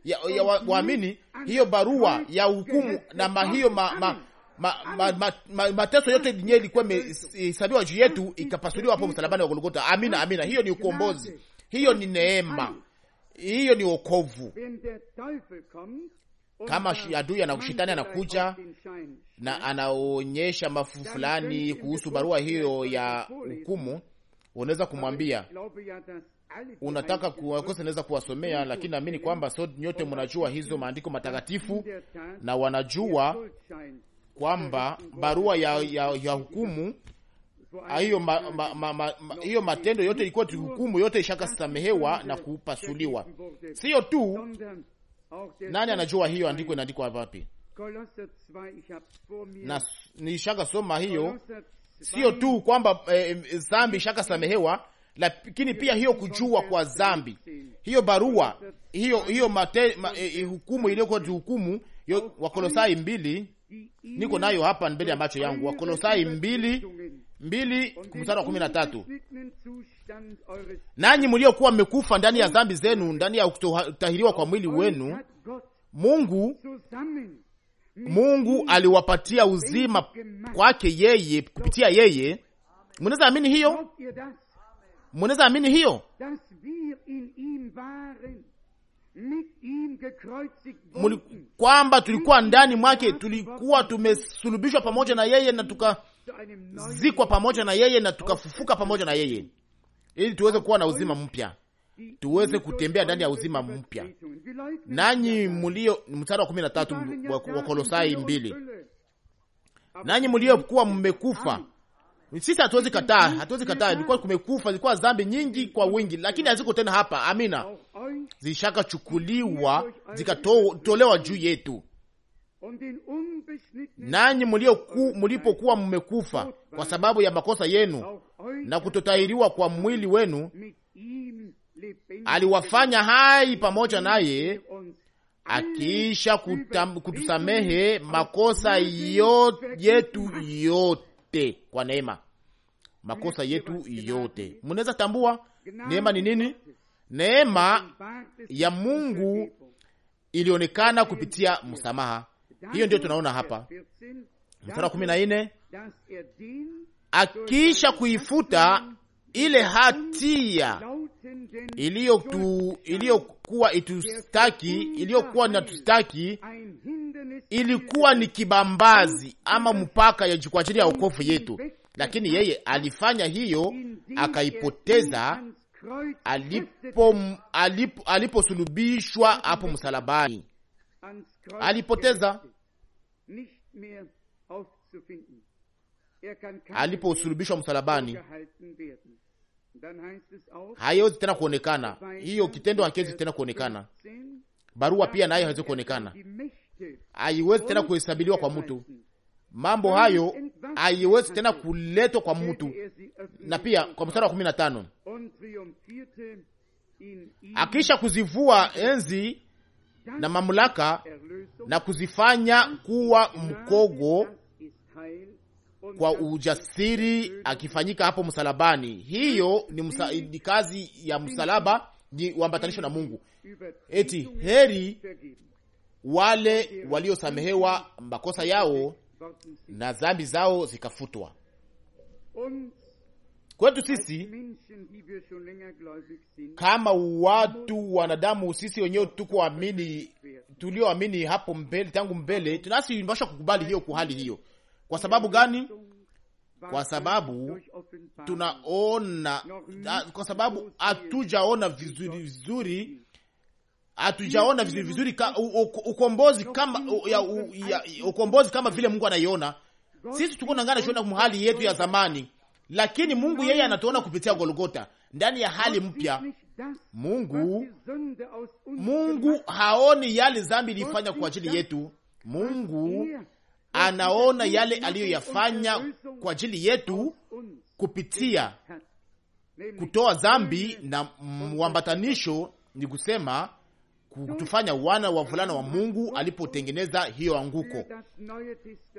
S1: ya, ya wa, waamini hiyo barua ya hukumu na ma, hiyo ma, ma, ma, ma, ma, mateso yote yenyewe ilikuwa imehesabiwa juu yetu, ikapasuliwa hapo msalabani wa Golgotha. Amina, amina. Hiyo ni ukombozi, hiyo ni neema, hiyo ni wokovu. Kama adui anakushitani anakuja na anaonyesha mafu fulani kuhusu barua hiyo ya hukumu, unaweza kumwambia unataka kuwakosa, naweza kuwasomea, lakini naamini kwamba so nyote mnajua hizo maandiko matakatifu na wanajua kwamba barua ya, ya, ya hukumu hiyo ma, ma, ma, ma, ma, matendo yote ilikuwa hukumu yote ishakasamehewa na kupasuliwa. Sio tu nani anajua hiyo andiko inaandikwa wapi? Na nishaka soma hiyo, sio tu kwamba eh, zambi ishakasamehewa, lakini pia hiyo kujua kwa zambi, hiyo barua hiyo hiyo mate, ma, eh, hukumu iliyokuwa hukumu. Wakolosai mbili niko nayo hapa mbele ya macho yangu. Wakolosai mbili mbili mstari wa kumi na tatu nanyi mliokuwa mmekufa ndani ya dhambi zenu, ndani ya kutahiriwa kwa mwili wenu, Mungu Mungu aliwapatia uzima kwake yeye kupitia yeye. Mnaweza amini hiyo? Mnaweza amini hiyo? kwamba tulikuwa ndani mwake, tulikuwa tumesulubishwa pamoja na yeye na tukazikwa pamoja na yeye na tukafufuka pamoja na yeye, ili tuweze kuwa na uzima mpya, tuweze kutembea ndani ya uzima mpya. Nanyi mlio, mstari wa kumi na tatu wa Kolosai mbili, nanyi mliokuwa mmekufa sisi hatuwezi kataa, hatuwezi kataa. Ilikuwa kumekufa, ilikuwa dhambi nyingi kwa wingi, lakini haziko tena hapa. Amina, zishakachukuliwa zikatolewa juu yetu. Nanyi mlipokuwa mmekufa kwa sababu ya makosa yenu na kutotahiriwa kwa mwili wenu, aliwafanya hai pamoja naye, akiisha kutusamehe makosa yote yetu yote yote kwa neema makosa yetu yote. Mnaweza tambua neema ni nini? Neema ya Mungu ilionekana kupitia msamaha. Hiyo ndio tunaona hapa mstari wa kumi na nne akiisha kuifuta ile hatia iliyokuwa itustaki iliyokuwa natustaki ilikuwa ni kibambazi ama mpaka ya kwa ajili ya wokovu yetu, lakini yeye alifanya hiyo akaipoteza aliposulubishwa alipo, alipo hapo msalabani alipoteza
S2: aliposulubishwa msalabani, haiwezi tena kuonekana hiyo kitendo, hakiwezi tena kuonekana.
S1: Barua pia nayo haiwezi kuonekana, haiwezi tena kuhesabiliwa kwa mtu, mambo hayo haiwezi tena kuletwa kwa mtu.
S2: Na pia kwa mstari wa kumi na tano
S1: akisha kuzivua enzi na mamlaka na kuzifanya kuwa mkogo kwa ujasiri akifanyika hapo msalabani. Hiyo ni, msa, ni kazi ya msalaba, ni uambatanisho na Mungu.
S2: Eti heri
S1: wale waliosamehewa makosa yao na dhambi zao zikafutwa. Kwetu sisi kama watu wanadamu, sisi wenyewe amini, tulioamini hapo mbele, tangu mbele, tunasi tunapaswa kukubali hiyo kuhali hali hiyo. Kwa sababu gani? Kwa sababu tunaona, kwa sababu hatujaona vizuri vizuri hatujaona vizuri vizuri ka, ukombozi kama ya, ya, ukombozi kama vile Mungu anaiona. Sisi tuko na ngana shona mahali yetu ya zamani, lakini Mungu yeye anatuona kupitia Golgota ndani ya hali mpya. Mungu
S2: Mungu
S1: haoni yale zambi ilifanya kwa ajili yetu. Mungu anaona yale aliyoyafanya kwa ajili yetu kupitia kutoa zambi na mwambatanisho, ni kusema kutufanya wana wa mvulana wa Mungu alipotengeneza hiyo anguko.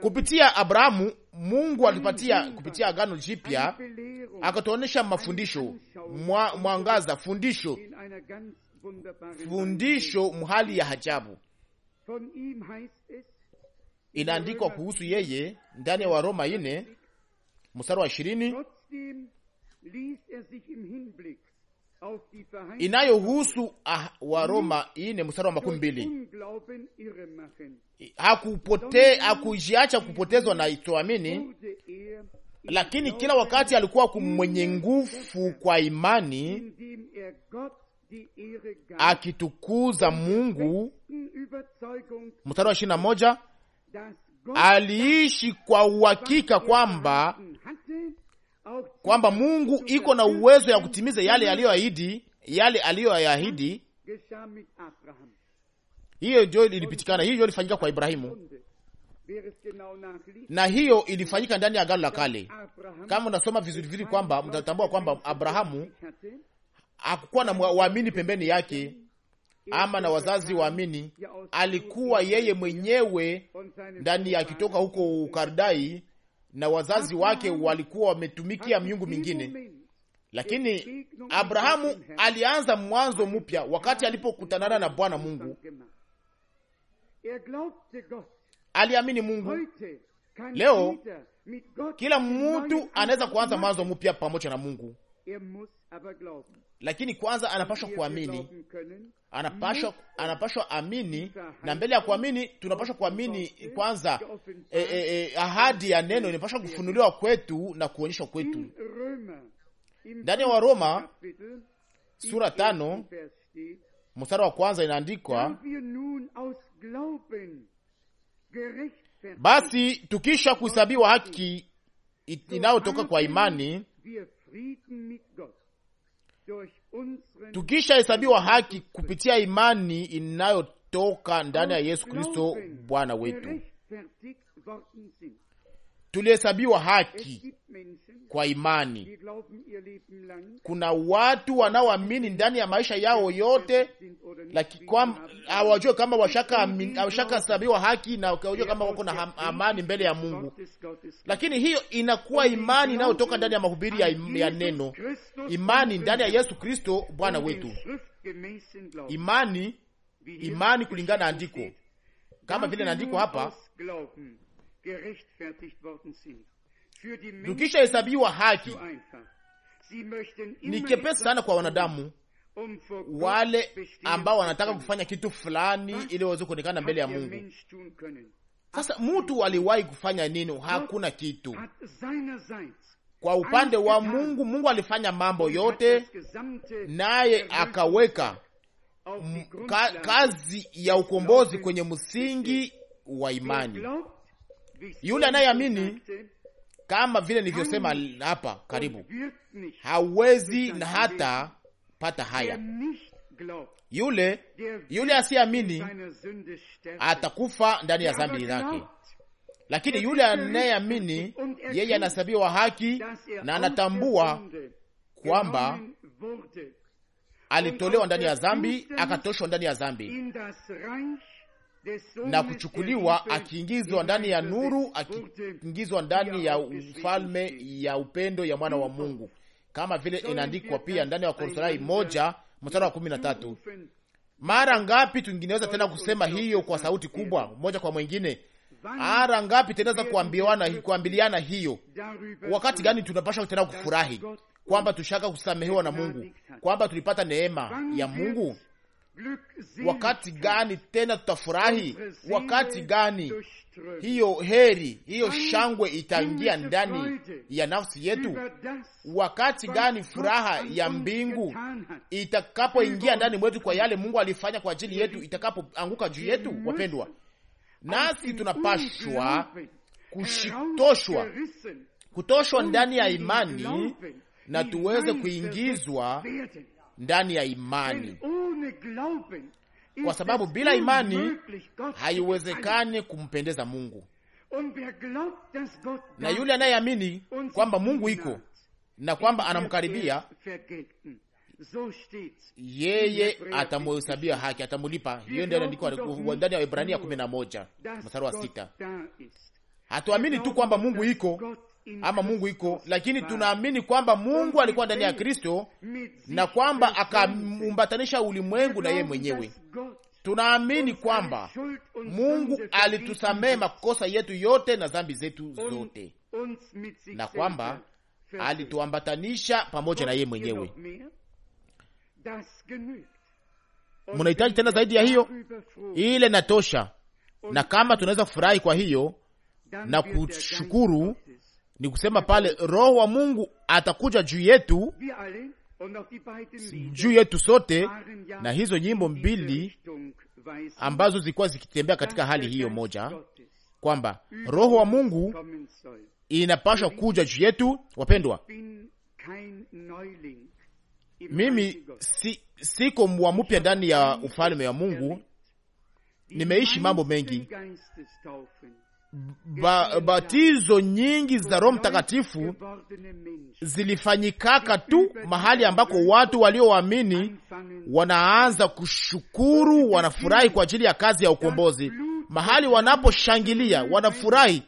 S1: Kupitia Abrahamu, Mungu alipatia kupitia Agano Jipya akatuonyesha mafundisho mwangaza fundisho fundisho mhali ya hajabu. Inaandikwa kuhusu yeye ndani ya Waroma ine mstari wa ishirini
S2: inayohusu
S1: ah, wa Roma ine mstari wa makumi mbili hakupote hakujiacha kupotezwa na itoamini, lakini kila wakati alikuwa kumwenye nguvu kwa imani er akitukuza Mungu. Mstari wa ishirini na moja aliishi kwa uhakika kwamba kwamba Mungu iko na uwezo ya kutimiza yale aliyoahidi, yale aliyoyaahidi. Hiyo ndio ilipitikana, hiyo ndio ilifanyika kwa Ibrahimu na hiyo ilifanyika ndani ya Agano la Kale. Kama unasoma vizuri vizuri, kwamba mtatambua kwamba Abrahamu hakukuwa na waamini pembeni yake ama na wazazi waamini, alikuwa yeye mwenyewe ndani ya kitoka huko Ukardai na wazazi wake walikuwa wametumikia miungu mingine, lakini
S2: Abrahamu alianza
S1: mwanzo mpya wakati alipokutanana na Bwana Mungu. Aliamini Mungu. Leo kila mtu anaweza kuanza mwanzo mpya pamoja na Mungu, lakini kwanza anapashwa kuamini,
S2: anapashwa
S1: anapashwa amini, na mbele ya kuamini tunapashwa kuamini kwanza. E, e, e, ahadi ya neno inapashwa kufunuliwa kwetu na kuonyeshwa kwetu
S2: ndani ya Waroma
S1: sura tano mstari wa kwanza inaandikwa basi tukisha kuhesabiwa haki inayotoka kwa imani
S2: tukishahesabiwa
S1: haki kupitia imani inayotoka ndani ya Yesu Kristo Bwana wetu, tulihesabiwa haki
S2: kwa imani.
S1: Kuna watu wanaoamini ndani ya maisha yao yote, lakini hawajue kama sabiwa haki na hawajue kama wako na amani mbele ya Mungu. Lakini hiyo inakuwa imani inayotoka ndani ya mahubiri ya, ya neno, imani ndani ya Yesu Kristo Bwana wetu, imani imani kulingana na andiko, kama vile naandikwa hapa
S2: tukisha hesabiwa haki ni kepesi sana kwa wanadamu um wale
S1: ambao wanataka kufanya kitu fulani ili waweze kuonekana mbele ya Mungu. Sasa mtu aliwahi kufanya nini? Hakuna kitu. Kwa upande wa Mungu, Mungu alifanya mambo yote, naye akaweka ka, kazi ya ukombozi kwenye msingi wa imani.
S2: Yule anayeamini
S1: kama vile nilivyosema hapa karibu, hawezi na hata pata haya. Yule yule asiamini
S2: atakufa ndani ya dhambi zake,
S1: lakini er yule anayeamini, er yeye anasabiwa haki
S2: er na anatambua kwamba
S1: alitolewa ndani ya dhambi akatoshwa ndani ya dhambi
S2: na kuchukuliwa,
S1: akiingizwa ndani ya nuru, akiingizwa ndani ya ufalme ya upendo ya mwana wa Mungu, kama vile inaandikwa pia ndani ya Wakorosai moja mstari wa kumi na tatu. Mara ngapi tungineweza tena kusema hiyo kwa sauti kubwa moja kwa mwingine? Mara ngapi tunaweza kuambiliana hiyo? Wakati gani tunapasha tena kufurahi kwamba tushaka kusamehewa na Mungu, kwamba tulipata neema ya Mungu? Wakati gani tena tutafurahi? Wakati gani hiyo heri, hiyo shangwe itaingia ndani ya nafsi yetu? Wakati gani furaha ya mbingu itakapoingia ndani mwetu kwa yale Mungu alifanya kwa ajili yetu, itakapoanguka juu yetu? Wapendwa, nasi tunapashwa kushitoshwa, kutoshwa ndani ya imani na tuweze kuingizwa ndani ya imani, kwa sababu bila imani
S2: haiwezekani
S1: kumpendeza Mungu. Na yule anayeamini kwamba Mungu iko na kwamba anamkaribia yeye atamuhesabia haki, atamulipa. Hiyo ndio inaandikwa ndani ya Ibrania kumi na moja mstari wa sita. Hatuamini tu kwamba Mungu iko ama Mungu iko, lakini tunaamini kwamba Mungu alikuwa ndani ya Kristo na kwamba akamumbatanisha ulimwengu na yeye mwenyewe. Tunaamini kwamba Mungu alitusamehe makosa yetu yote na dhambi zetu zote,
S2: na kwamba
S1: alituambatanisha pamoja na yeye mwenyewe. munahitaji tena zaidi ya hiyo? Ile natosha, na kama tunaweza kufurahi kwa hiyo na kushukuru ni kusema pale Roho wa Mungu atakuja juu yetu, juu yetu sote. Na hizo nyimbo mbili ambazo zilikuwa zikitembea katika hali hiyo moja, kwamba Roho wa Mungu inapashwa kuja juu yetu. Wapendwa, mimi si, siko mwa mpya ndani ya ufalme wa Mungu. Nimeishi mambo mengi ba, batizo nyingi za Roho Mtakatifu zilifanyikaka tu mahali ambako watu walioamini wanaanza kushukuru, wanafurahi kwa ajili ya kazi ya ukombozi, mahali wanaposhangilia, wanafurahi,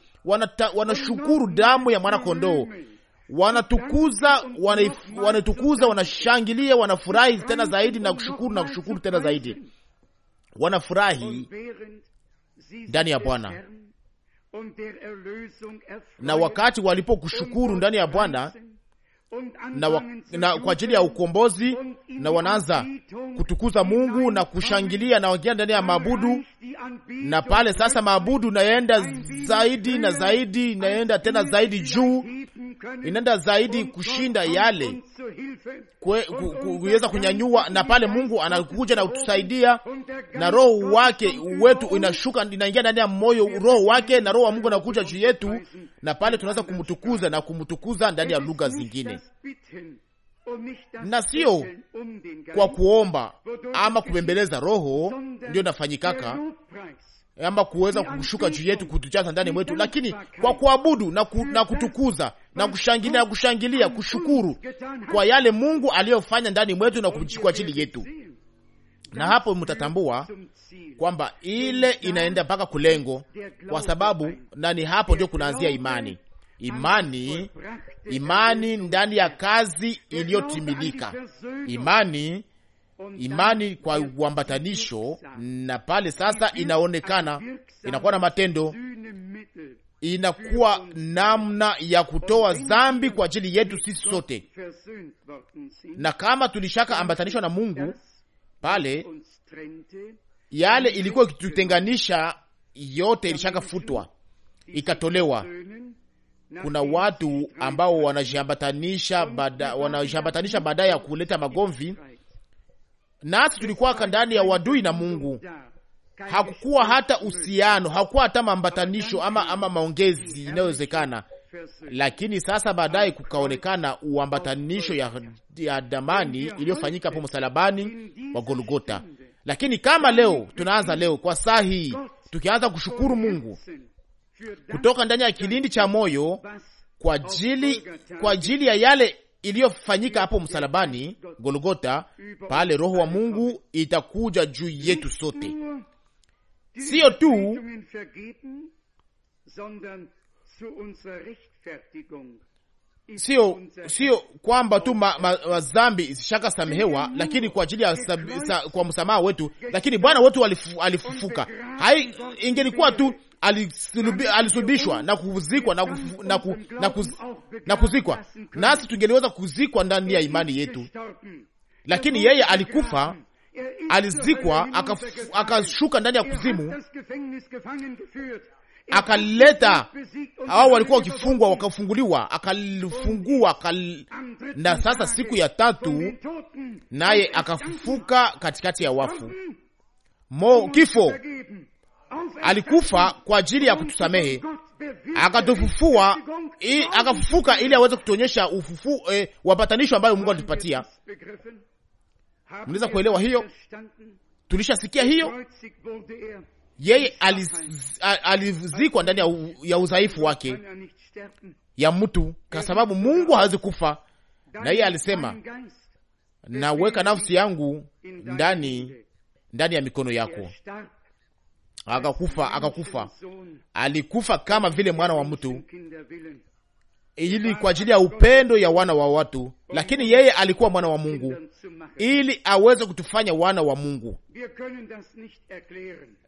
S1: wanashukuru damu ya mwanakondoo, wanatukuza, wanatukuza, wanashangilia, wanafurahi tena zaidi na kushukuru na kushukuru tena zaidi, wanafurahi ndani ya Bwana
S2: na wakati
S1: walipokushukuru ndani ya Bwana
S2: na, wa, na kwa
S1: ajili ya ukombozi na wanaanza kutukuza Mungu na kushangilia na wangia ndani ya maabudu, na pale sasa maabudu naenda zaidi na zaidi, naenda tena zaidi juu, inaenda zaidi kushinda yale kuweza kunyanyua, na pale Mungu anakuja na kutusaidia, na roho wake wetu inashuka inaingia ndani ya moyo, roho wake na roho wa Mungu anakuja juu yetu, na pale tunaweza kumtukuza na kumtukuza ndani ya lugha zingine
S2: na sio kwa kuomba ama kubembeleza roho, ndio inafanyikaka
S1: Eh, ama kuweza kushuka juu yetu kutujaza ndani mwetu, lakini kwa kuabudu na, ku, na kutukuza na kushangilia na kushangilia kushukuru kwa yale Mungu aliyofanya ndani mwetu na kwa ajili yetu, na hapo mtatambua kwamba ile inaenda mpaka kulengo, kwa sababu nani, hapo ndio kunaanzia imani imani imani ndani ya kazi iliyotimilika imani imani kwa uambatanisho, na pale sasa inaonekana inakuwa na matendo, inakuwa namna ya kutoa dhambi kwa ajili yetu sisi sote, na kama tulishaka ambatanishwa na Mungu pale yale ilikuwa ikitutenganisha yote ilishaka futwa ikatolewa. Kuna watu ambao wanajiambatanisha baada wanajiambatanisha baadaye ya kuleta magomvi nasi tulikuwa ndani ya wadui na Mungu. Hakukuwa hata uhusiano, hakukuwa hata maambatanisho ama, ama maongezi inayowezekana. Lakini sasa baadaye kukaonekana uambatanisho ya, ya damani iliyofanyika hapo msalabani wa Golgota. Lakini kama leo tunaanza leo kwa saa hii tukianza kushukuru Mungu kutoka ndani ya kilindi cha moyo kwa ajili kwa ajili ya yale iliyofanyika hapo msalabani Golgota, pale Roho wa Mungu itakuja juu yetu sote, siyo tu sio sio kwamba tu madhambi ma, ma zishaka samehewa, lakini kwa ajili ya sa, kwa msamaha wetu, lakini Bwana wetu alifufuka. Hai ingelikuwa tu alisulubishwa na kuzikwa na, ku, na, ku, na, ku, na kuzikwa, nasi tungeliweza kuzikwa ndani ya imani yetu, lakini yeye alikufa
S2: alizikwa akashuka ndani ya kuzimu,
S1: akaleta hao walikuwa wakifungwa, wakafunguliwa, akalifungua akal... na sasa siku ya tatu naye akafufuka katikati ya wafu. Mo, kifo alikufa kwa ajili ya kutusamehe,
S2: akatufufua
S1: akafufuka ili aweze kutuonyesha ufufu eh, wapatanisho ambayo Mungu alitupatia. Mnaweza kuelewa hiyo? Tulishasikia hiyo. Yeye alizikwa ndani ya, ya udhaifu wake ya mtu, kwa sababu Mungu hawezi kufa, na yeye alisema naweka nafsi yangu ndani ndani ya mikono yako akakufa, akakufa, alikufa kama vile mwana wa mtu, ili kwa ajili ya upendo ya wana wa watu, lakini yeye alikuwa mwana wa Mungu ili aweze kutufanya wana wa Mungu.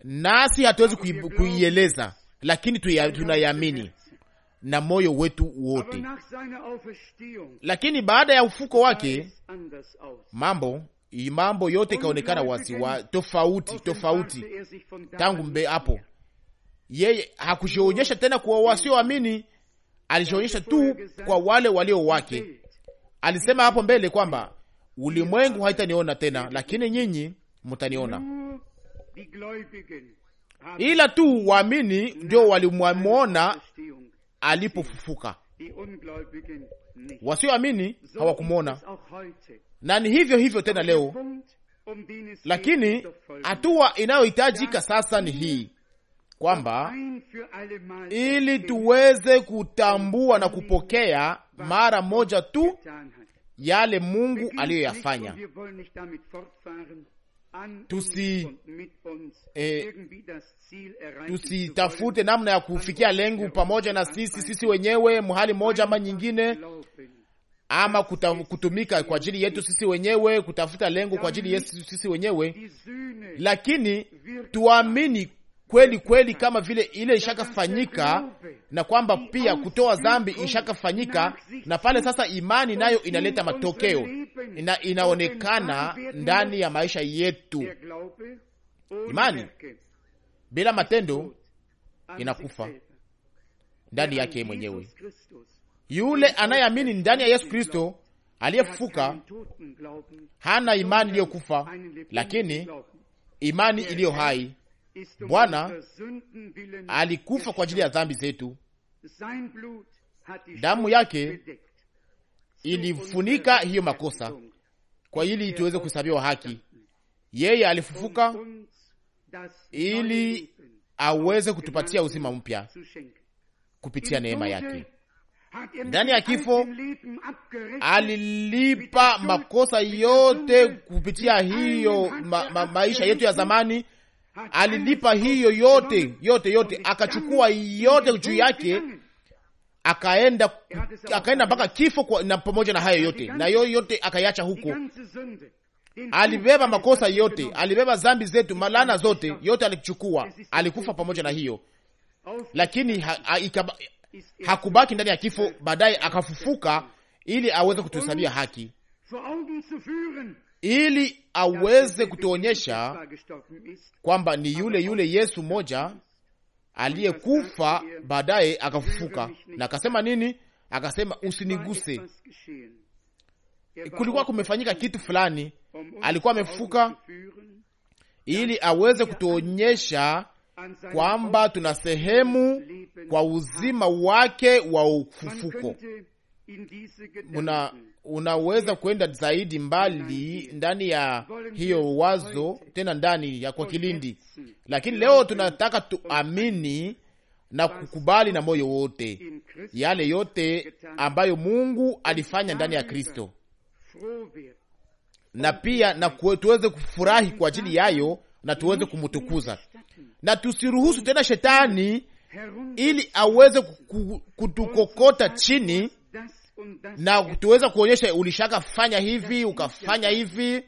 S1: Nasi hatuwezi kuieleza, lakini tunayamini na moyo wetu wote, lakini baada ya ufuko wake mambo mambo yote ikaonekana wasiwa tofauti tofauti. Tangu mbe hapo, yeye hakushionyesha tena kwa wasioamini, alijionyesha tu kwa wale walio wake. Alisema hapo mbele kwamba ulimwengu haitaniona tena, lakini nyinyi mtaniona. Ila tu waamini ndio walimwona alipofufuka,
S2: wasioamini hawakumwona
S1: na ni hivyo hivyo tena leo. Lakini hatua inayohitajika sasa ni hii kwamba ili tuweze kutambua na kupokea mara moja tu yale Mungu aliyoyafanya, Tusitafute eh, tusitafute namna ya kufikia lengo pamoja na sisi sisi wenyewe mhali moja ama nyingine, ama kuta, kutumika kwa ajili yetu sisi wenyewe, kutafuta lengo kwa ajili yetu sisi wenyewe, lakini tuamini kweli kweli kama vile ile ishakafanyika na kwamba pia kutoa dhambi ishakafanyika, na pale sasa imani nayo inaleta matokeo na inaonekana ndani ya maisha yetu. Imani bila matendo inakufa ndani yake mwenyewe. Yule anayeamini ndani ya Yesu Kristo aliyefufuka hana imani iliyokufa, lakini imani iliyo hai. Bwana alikufa kwa ajili ya dhambi zetu,
S2: damu yake
S1: ilifunika hiyo makosa kwa ili tuweze kuhesabiwa haki. Yeye alifufuka ili aweze kutupatia uzima mpya kupitia neema yake
S2: ndani ya kifo
S1: alilipa makosa yote kupitia hiyo ma, ma, maisha yetu ya zamani. Alilipa hiyo yote yote yote, akachukua yote juu yake, akaenda er akaenda mpaka kifo kwa, na pamoja na hayo er yote na yo yote akaiacha huko. Alibeba makosa er yote, alibeba zambi zetu, malana zote, yote alichukua, alikufa pamoja na hiyo, lakini ha, ha, ikaba, hakubaki ndani ya kifo, baadaye akafufuka ili aweze kutuhesabia haki, ili aweze kutuonyesha kwamba ni yule yule Yesu moja aliyekufa baadaye akafufuka. Na akasema nini? Akasema, usiniguse. Kulikuwa kumefanyika kitu fulani, alikuwa amefufuka ili aweze kutuonyesha kwamba tuna sehemu kwa uzima wake wa ufufuko. Una, unaweza kwenda zaidi mbali ndani ya hiyo wazo tena ndani ya kwa kilindi, lakini leo tunataka tuamini na kukubali na moyo wote yale yote ambayo Mungu alifanya ndani ya Kristo, na pia na tuweze kufurahi kwa ajili yayo na tuweze kumutukuza na tusiruhusu tena shetani ili aweze kutukokota chini na tuweza kuonyesha ulishaka fanya hivi ukafanya hivi,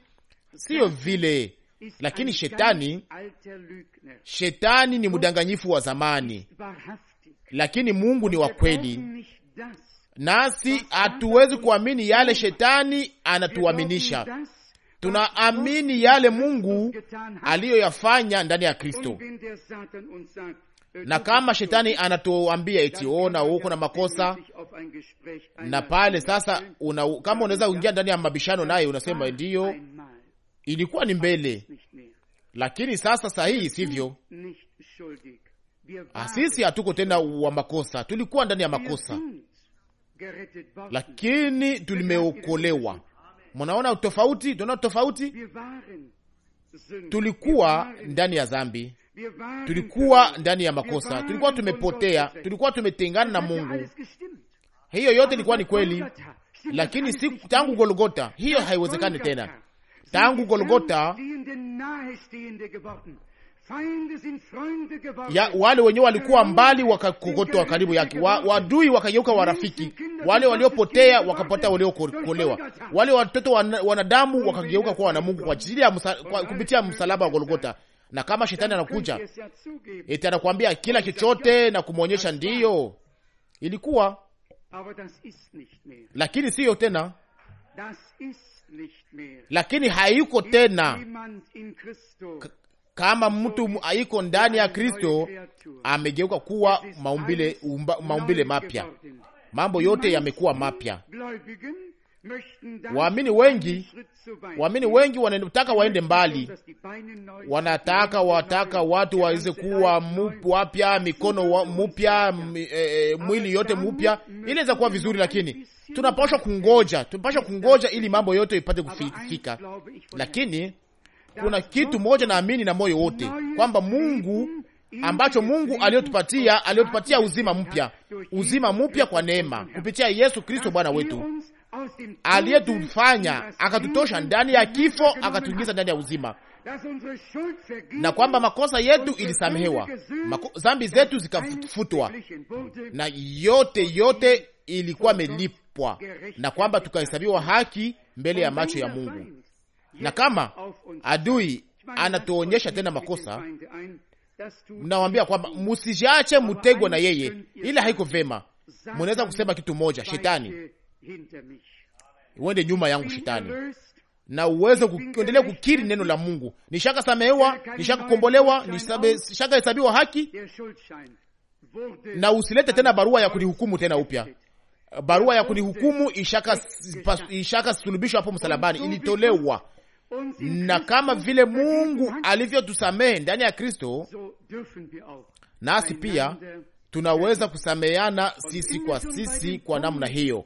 S1: siyo vile. Lakini shetani, shetani ni mdanganyifu wa zamani, lakini Mungu ni wa kweli, nasi hatuwezi kuamini yale shetani anatuaminisha tunaamini yale Mungu aliyoyafanya ndani ya Kristo. Na kama shetani anatuambia eti ona, huko na makosa na pale sasa una, kama unaweza kuingia ndani ya mabishano naye unasema ndiyo, ilikuwa ni mbele, lakini sasa sahihi sivyo. Ah, sisi hatuko tena wa makosa, tulikuwa ndani ya makosa, lakini tulimeokolewa Mnaona utofauti, tunaona tofauti. Tulikuwa ndani ya dhambi, tulikuwa ndani ya makosa, tulikuwa tumepotea, tulikuwa tumetengana na Mungu. Hiyo yote ilikuwa ni kweli, lakini si tangu Golgota, hiyo haiwezekani tena. Tangu Golgota
S2: ya wale wenyewe walikuwa mbali
S1: wakakokotwa karibu yake, wadui wa wakageuka warafiki, wale waliopotea wakapata waliokolewa, wale watoto wanadamu wakageuka kuwa wana Mungu kwa ajili ya msa, kupitia msalaba wa Golgota. Na kama shetani anakuja eti anakuambia kila chochote na kumwonyesha ndiyo ilikuwa, lakini siyo tena,
S2: lakini haiko tena
S1: kama mtu aiko ndani ya Kristo amegeuka kuwa maumbile, umba, maumbile mapya, mambo yote yamekuwa mapya. Waamini wengi waamini wengi wanataka waende mbali, wanataka wataka watu waweze kuwa wapya, mikono mupya, e, e, mwili yote mupya, ili inaweza kuwa vizuri, lakini tunapashwa kungoja, tunapashwa kungoja ili mambo yote ipate kufikika, lakini kuna kitu moja naamini na moyo wote kwamba Mungu ambacho Mungu aliyotupatia aliyotupatia uzima mpya, uzima mpya kwa neema kupitia Yesu Kristo Bwana wetu aliyetufanya akatutosha ndani ya kifo akatuingiza ndani ya uzima, na kwamba makosa yetu ilisamehewa, dhambi zambi zetu zikafutwa, na yote yote ilikuwa imelipwa, na kwamba tukahesabiwa haki mbele ya macho ya Mungu na kama adui anatuonyesha tena makosa, mnawambia kwamba musijache mutegwa na yeye, ila haiko vema. Munaweza kusema kitu moja, shetani uende nyuma yangu, shetani na uweze kuendelea kukiri neno la Mungu, nishaka samehewa, nishakahesabiwa hesabiwa haki, na usilete tena barua ya kunihukumu tena upya. Barua ya kunihukumu ishaka, ishaka sulubishwa hapo msalabani, ilitolewa na kama vile Mungu alivyotusamehe ndani ya Kristo, nasi pia tunaweza kusameheana sisi kwa sisi kwa namna hiyo.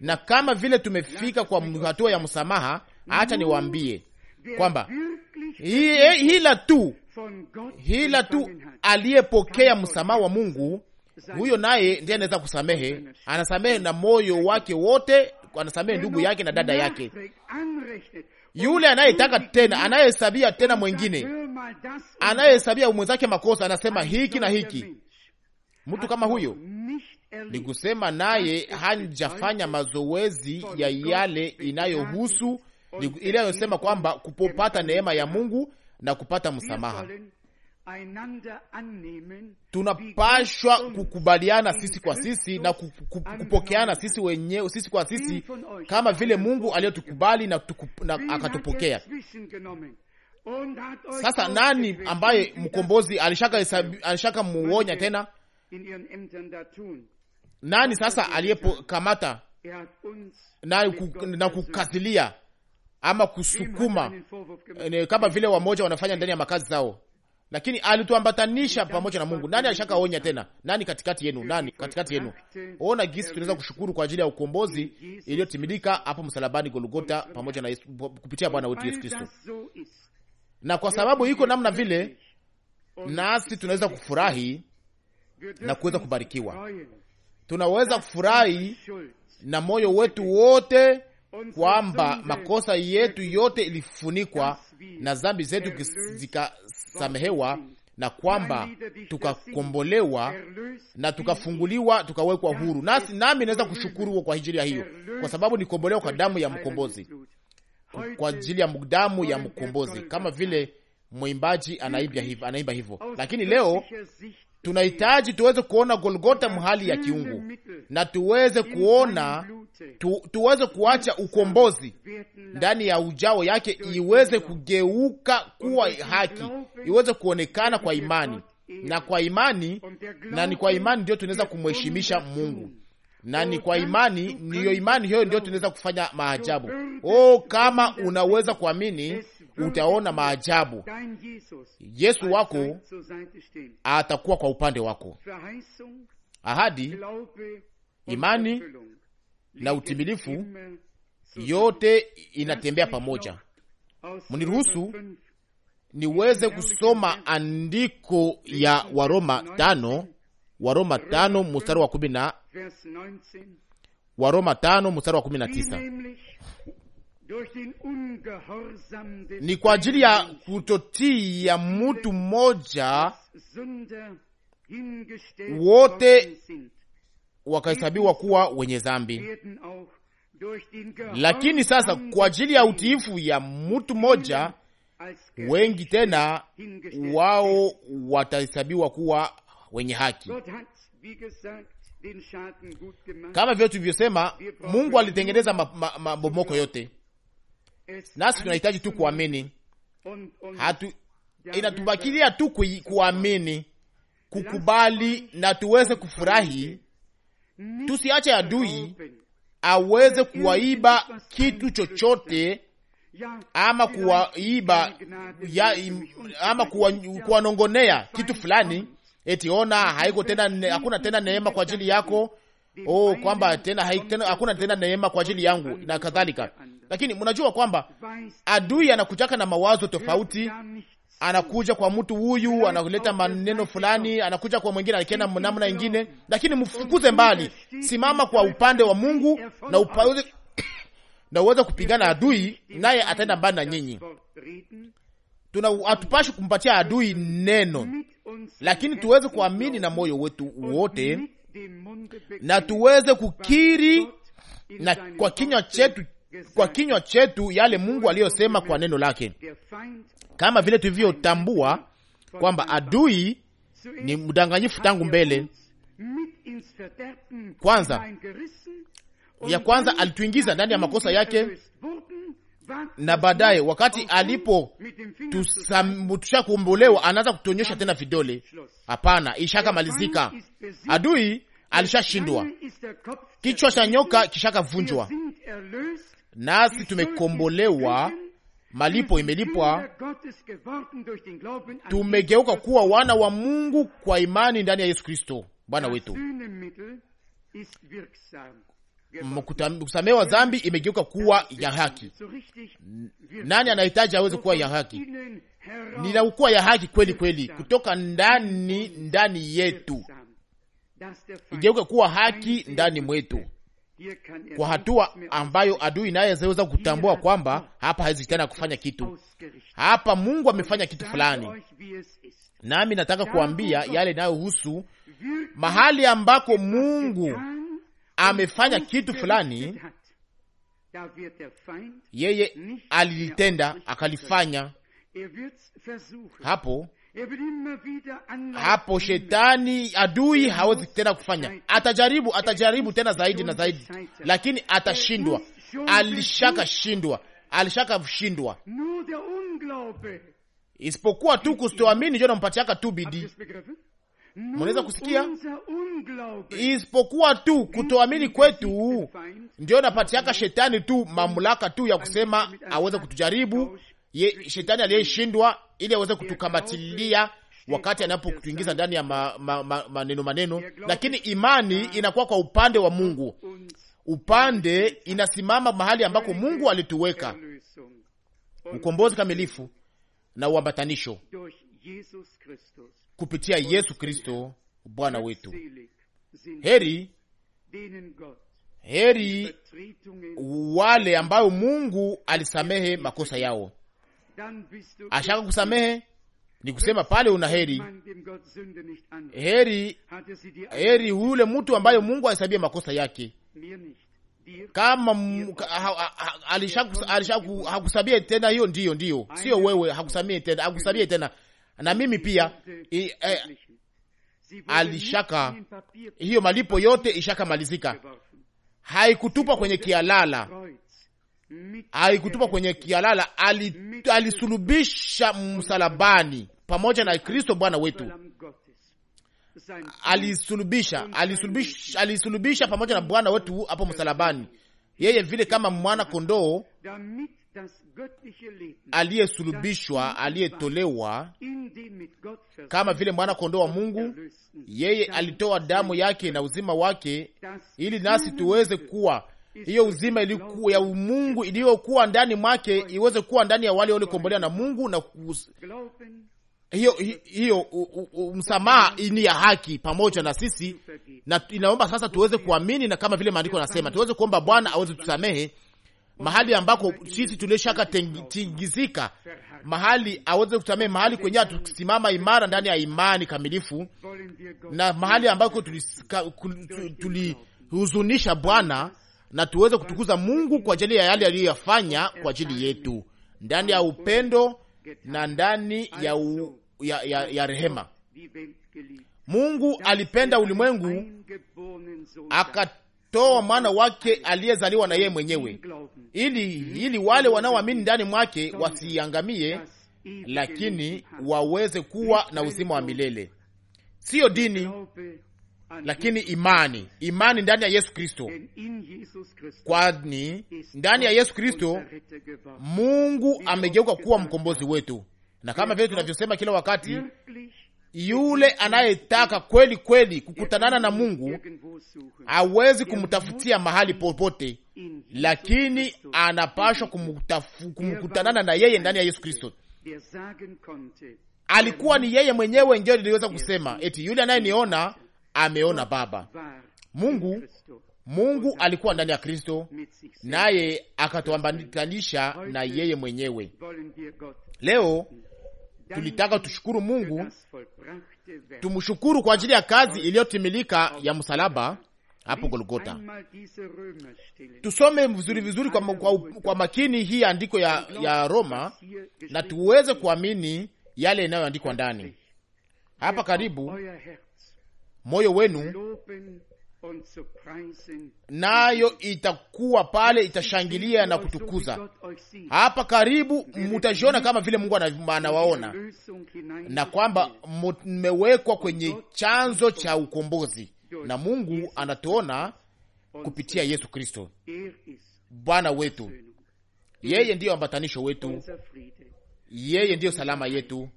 S1: Na kama vile tumefika kwa hatua ya msamaha, acha niwaambie kwamba hila tu hila tu aliyepokea msamaha wa Mungu, huyo naye ndiye anaweza kusamehe. Anasamehe na moyo wake wote, anasamehe ndugu yake na dada yake yule anayetaka tena, anayehesabia tena mwengine, anayehesabia mwenzake makosa, anasema hiki na hiki. Mtu kama huyo ni kusema naye hajafanya mazoezi ya yale inayohusu ile anayosema kwamba kupopata neema ya Mungu na kupata msamaha tunapashwa kukubaliana sisi kwa sisi na kupokeana sisi wenyewe sisi kwa sisi, kama vile Mungu aliyotukubali na, na akatupokea.
S2: Sasa nani ambaye
S1: mkombozi alishaka, alishaka muonya tena? Nani sasa aliyepokamata na, na kukazilia ama kusukuma eh, kama vile wamoja wanafanya ndani ya makazi zao? lakini alituambatanisha pamoja na Mungu. Nani alishaka onya tena? Nani katikati yenu? Nani katikati yenu? Ona gisi tunaweza kushukuru kwa ajili ya ukombozi iliyotimilika hapo msalabani Golgota, pamoja na Yesu, kupitia Bwana wetu Yesu Kristo. Na kwa sababu iko namna vile, nasi tunaweza kufurahi na kuweza kubarikiwa, tunaweza kufurahi na moyo wetu wote kwamba makosa yetu yote ilifunikwa na zambi zetu zikasamehewa, na kwamba tukakombolewa na tukafunguliwa tukawekwa huru. Nasi nami naweza kushukuru kwa ajili ya hiyo, kwa sababu nikombolewa kwa damu ya mkombozi, kwa ajili ya damu ya mkombozi, kama vile mwimbaji anaimba hivyo, anaimba hivyo. Lakini leo tunahitaji tuweze kuona Golgota mhali ya kiungu na tuweze kuona tu, tuweze kuacha ukombozi ndani ya ujao yake iweze kugeuka kuwa haki, iweze kuonekana kwa imani na kwa imani na ni kwa imani ndio tunaweza kumheshimisha Mungu na oh, ni kwa imani, niyo imani hiyo ndio tunaweza kufanya maajabu. Oh, kama unaweza kuamini utaona maajabu.
S2: Yesu wako atakuwa
S1: kwa upande wako. Ahadi, imani na utimilifu yote inatembea pamoja. Mniruhusu niweze kusoma andiko ya Waroma tano, Waroma tano mstari wa kumi na Waroma tano mstari wa kumi na tisa ni kwa ajili ya kutotii ya mutu mmoja
S2: wote
S1: wakahesabiwa kuwa wenye zambi.
S2: Lakini sasa
S1: kwa ajili ya utiifu ya mutu mmoja wengi tena wao watahesabiwa kuwa wenye haki.
S2: Kama vile tulivyosema, Mungu alitengeneza
S1: mabomoko ma, ma, yote
S2: nasi tunahitaji
S1: tu kuamini. Hatu inatubakilia tu kuamini, kukubali na tuweze kufurahi, tusiache adui aweze kuwaiba kitu chochote ama kuwaiba ya, ama kuwanongonea kuwa kitu fulani, eti ona haiko tena, hakuna tena neema kwa ajili yako, oh kwamba tena, tena hakuna tena neema kwa ajili yangu na kadhalika. Lakini mnajua kwamba adui anakujaka na mawazo tofauti, anakuja kwa mtu huyu analeta maneno fulani, anakuja kwa mwingine akienda namna ingine, lakini mfukuze mbali. Simama kwa upande wa Mungu na upande <coughs> na uweze kupigana adui, naye ataenda mbali na nyinyi. Tuna hatupashi kumpatia adui neno, lakini tuweze kuamini na moyo wetu wote na tuweze kukiri na kwa kinywa chetu kwa kinywa chetu yale Mungu aliyosema kwa neno lake, kama vile tulivyotambua kwamba adui ni mdanganyifu tangu mbele. Kwanza ya kwanza alituingiza ndani ya makosa yake, na baadaye wakati alipo tusha kuombolewa, anaanza kutuonyesha tena vidole. Hapana, ishakamalizika, adui alishashindwa, kichwa cha nyoka kishakavunjwa, nasi tumekombolewa, malipo imelipwa,
S2: tumegeuka
S1: kuwa wana wa Mungu kwa imani ndani ya Yesu Kristo Bwana wetu. Kusamewa dhambi imegeuka kuwa ya haki. Nani anahitaji aweze kuwa ya haki? Ninakuwa ya haki kweli kweli, kutoka ndani ndani yetu, igeuka kuwa haki ndani mwetu kwa hatua ambayo adui naye zaweza kutambua kwamba hapa hawezi tena kufanya kitu hapa, Mungu amefanya kitu fulani. Nami nataka kuambia yale inayohusu mahali ambako Mungu amefanya kitu fulani, yeye alilitenda akalifanya hapo hapo shetani adui hawezi tena kufanya, atajaribu atajaribu tena zaidi na zaidi, lakini atashindwa. Alishaka shindwa, alishaka shindwa, isipokuwa tu kustoamini njo nampatiaka tu bidii. Mnaweza kusikia, isipokuwa tu kutoamini kwetu ndio napatiaka shetani tu mamlaka tu ya kusema aweze kutujaribu ye, shetani aliyeshindwa ili aweze kutukamatilia wakati anapotuingiza ndani ya ma, ma, ma, maneno maneno, lakini imani inakuwa kwa upande wa Mungu, upande inasimama mahali ambako Mungu alituweka ukombozi kamilifu na uambatanisho kupitia Yesu Kristo Bwana wetu. Heri, heri wale ambayo Mungu alisamehe makosa yao
S2: ashaka kusamehe
S1: ni kusema pale una heri, heri, er heri yule mtu ambaye Mungu anahesabia makosa yake kama hakusabie tena. Hiyo ndiyo ndiyo, sio wewe, hakusamie tena, hakusabie tena. Na mimi pia i, eh, alishaka hiyo malipo yote ishakamalizika, haikutupa kwenye kialala haikutupa kwenye kialala, alisulubisha msalabani pamoja na Kristo Bwana wetu, alisulubisha alisulubisha, alisulubisha pamoja na Bwana wetu hapo msalabani, yeye vile kama mwana kondoo aliyesulubishwa aliyetolewa kama vile mwana kondoo wa Mungu, yeye alitoa damu yake na uzima wake, ili nasi tuweze kuwa hiyo uzima iliku, ya Mungu iliyokuwa ndani mwake iweze kuwa ndani ya wale waliokombolewa na Mungu na hiyo hiyo msamaha ni ya haki pamoja na sisi, na inaomba sasa tuweze kuamini, na kama vile maandiko yanasema tuweze kuomba Bwana aweze tusamehe mahali ambako sisi tulishaka tingizika, mahali aweze kusamehe, mahali kwenye tukisimama imara ndani ya imani kamilifu, na mahali ambako tulihuzunisha Bwana na tuweze kutukuza Mungu kwa ajili ya yale aliyoyafanya kwa ajili yetu ndani ya upendo na ndani ya, u, ya, ya, ya rehema. Mungu alipenda ulimwengu akatoa mwana wake aliyezaliwa na yeye mwenyewe, ili ili wale wanaoamini ndani mwake wasiangamie, lakini waweze kuwa na uzima wa milele. Siyo dini, lakini imani, imani ndani ya Yesu Kristo, kwani ndani ya Yesu Kristo Mungu amegeuka kuwa mkombozi wetu, na kama vile tunavyosema kila wakati, yule anayetaka kweli kweli kukutanana na Mungu hawezi kumtafutia mahali popote, lakini anapashwa kumkutanana na yeye ndani ya Yesu Kristo. Alikuwa ni yeye mwenyewe ndio liliweza kusema eti yule anayeniona ameona Baba. Mungu Mungu alikuwa ndani ya Kristo, naye akatuambatanisha na yeye mwenyewe. Leo tulitaka tushukuru Mungu, tumshukuru kwa ajili ya kazi iliyotimilika ya msalaba hapo Golgota. Tusome vizuri vizuri kwa, kwa, kwa makini hii andiko ya, ya Roma na tuweze kuamini yale inayoandikwa ndani hapa. Karibu moyo wenu, nayo itakuwa pale, itashangilia na kutukuza. Hapa karibu mutajiona kama vile Mungu anawaona na kwamba mmewekwa kwenye chanzo cha ukombozi, na Mungu anatuona kupitia Yesu Kristo Bwana wetu. Yeye ndiyo ambatanisho wetu, yeye ndiyo salama yetu,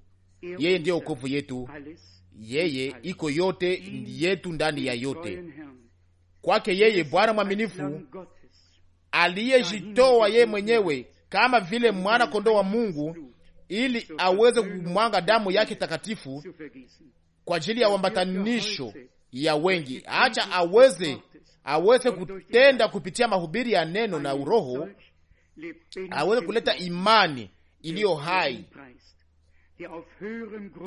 S1: yeye ndiyo wokovu yetu, yeye iko yote yetu ndani ya yote. Kwake yeye Bwana mwaminifu aliyejitoa yeye mwenyewe kama vile mwana kondoo wa Mungu ili aweze kumwanga damu yake takatifu kwa ajili ya wambatanisho ya wengi. Acha aweze aweze kutenda kupitia mahubiri ya neno na uroho,
S2: aweze kuleta
S1: imani iliyo hai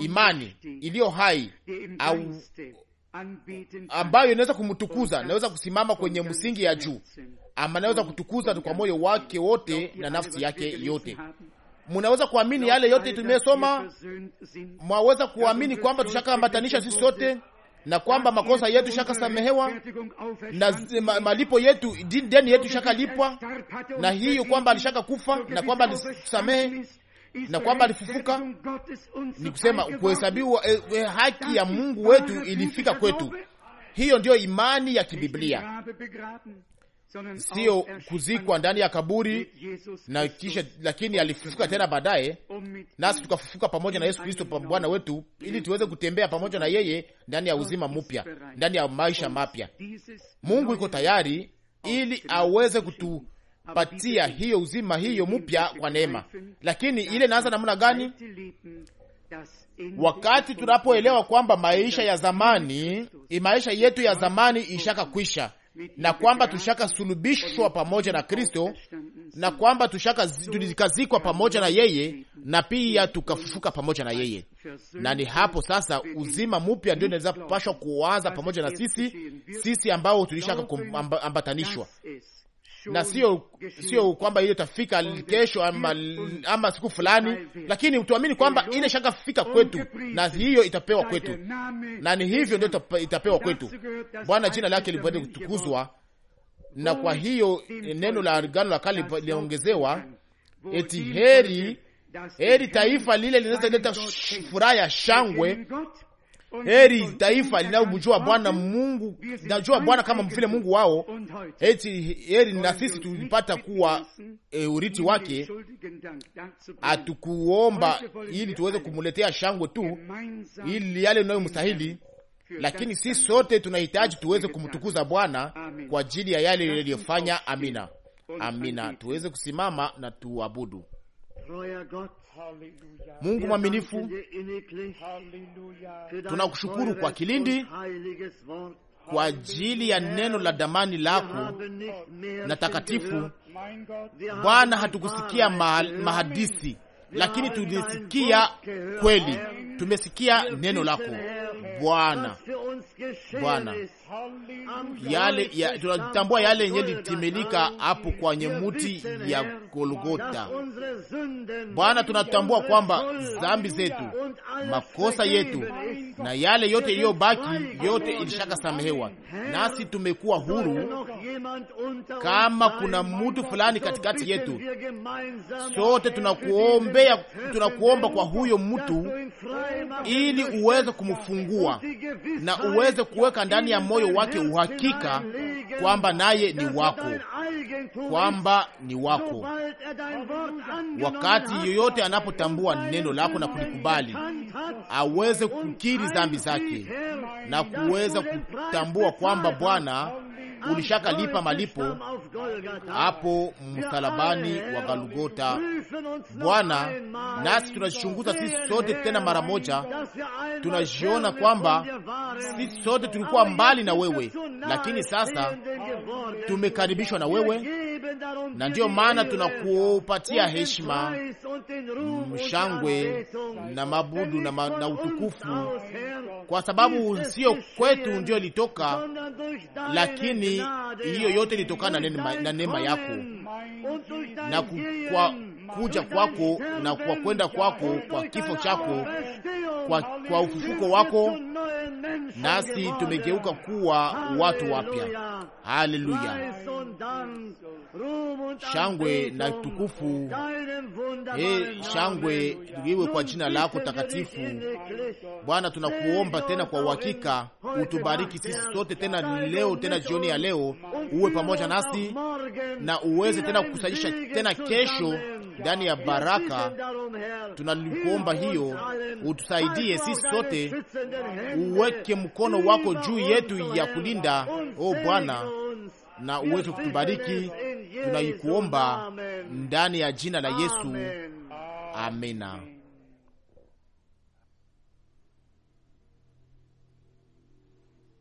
S1: imani iliyo hai au ambayo inaweza kumtukuza, naweza kusimama kwenye msingi ya juu, ama naweza kutukuza kwa moyo wake wote na nafsi yake yote. Munaweza kuamini yale yote tumesoma, mwaweza kuamini kwamba tushakaambatanisha sisi sote na kwamba makosa yetu shaka samehewa na malipo yetu deni yetu shaka lipwa, na hiyo kwamba alishaka kufa na kwamba alisamehe na kwamba alifufuka, ni kusema kuhesabiwa eh, eh, haki ya Mungu wetu ilifika kwetu. Hiyo ndiyo imani ya kibiblia, siyo kuzikwa ndani ya kaburi na kisha, lakini alifufuka tena baadaye, nasi tukafufuka pamoja na Yesu Kristo Bwana wetu, ili tuweze kutembea pamoja na yeye ndani ya uzima mpya, ndani ya maisha mapya. Mungu iko tayari ili aweze kutu patia hiyo uzima hiyo mpya kwa neema. Lakini ile inaanza namna gani? Wakati tunapoelewa kwamba maisha ya zamani, maisha yetu ya zamani ishaka kwisha na kwamba tushaka sulubishwa pamoja na Kristo na kwamba tushaka tulikazikwa pamoja na yeye na pia tukafufuka pamoja na yeye, na ni hapo sasa uzima mpya ndio inaweza kupashwa kuanza pamoja na sisi, sisi ambao tulishaka kuambatanishwa amba, na sio sio kwamba ile itafika kesho ama, ama siku fulani, lakini utuamini kwamba ile shaka fika kwetu na hiyo itapewa kwetu, na ni hivyo ndio itapewa kwetu. Bwana jina lake lipate kutukuzwa. Na kwa hiyo e, neno la Agano la Kale liongezewa eti heri heri taifa lile linaweza leta furaha ya shangwe Heri taifa linalomjua Bwana Mungu, najua Bwana kama vile Mungu wao. Heti heri na sisi tulipata kuwa e, eh, uriti wake. Hatukuomba ili tuweze kumuletea shangwe tu, ili yale unayomstahili, lakini si sote tunahitaji tuweze kumtukuza Bwana kwa ajili ya yale yaliyofanya. Amina, amina, tuweze kusimama na tuabudu.
S2: Mungu mwaminifu, tunakushukuru kwa kilindi
S1: kwa ajili ya neno la damani lako na takatifu. Bwana, hatukusikia ma mahadisi, lakini tulisikia kweli, tumesikia neno lako Bwana. Bwana, yale ya, tunatambua yale yenye litimilika hapo kwenye muti ya Golgota. Bwana, tunatambua kwamba dhambi zetu, makosa yetu na yale yote iliyobaki, yote ilishaka samehewa, nasi tumekuwa huru. Kama kuna mtu fulani katikati yetu, sote tunakuombea, tunakuomba kwa huyo mtu, ili uweze kumfungua na uweze kuweka ndani ya moyo wake uhakika kwamba naye ni wako, kwamba ni wako wakati yoyote anapotambua neno lako na kulikubali, aweze kukiri dhambi zake na kuweza kutambua kwamba Bwana ulishaka lipa malipo hapo msalabani wa Galugota. Bwana, nasi tunajichunguza sisi sote tena mara moja, tunajiona kwamba sisi sote tulikuwa mbali na wewe, lakini sasa tumekaribishwa na wewe, na ndiyo maana tunakupatia heshima, mshangwe na mabudu na, ma, na utukufu, kwa sababu sio kwetu ndio ilitoka, lakini lakini hiyo yote ilitokana na neema yako na ku, kwa kuja kwako na kwa kwenda kwako, kwa kifo chako, kwa, kwa ufufuko wako, nasi tumegeuka kuwa watu wapya. Haleluya! Shangwe na tukufu, hey, shangwe iwe kwa jina lako takatifu. Bwana, tunakuomba tena kwa uhakika utubariki sisi sote tena leo tena jioni ya leo uwe pamoja nasi na uweze tena kukusanyisha tena kesho ndani ya baraka. Tunalikuomba hiyo, utusaidie sisi sote, uweke mkono wako juu yetu ya kulinda, o Bwana, na uweze kutubariki. Tunaikuomba ndani ya jina la Yesu, amina.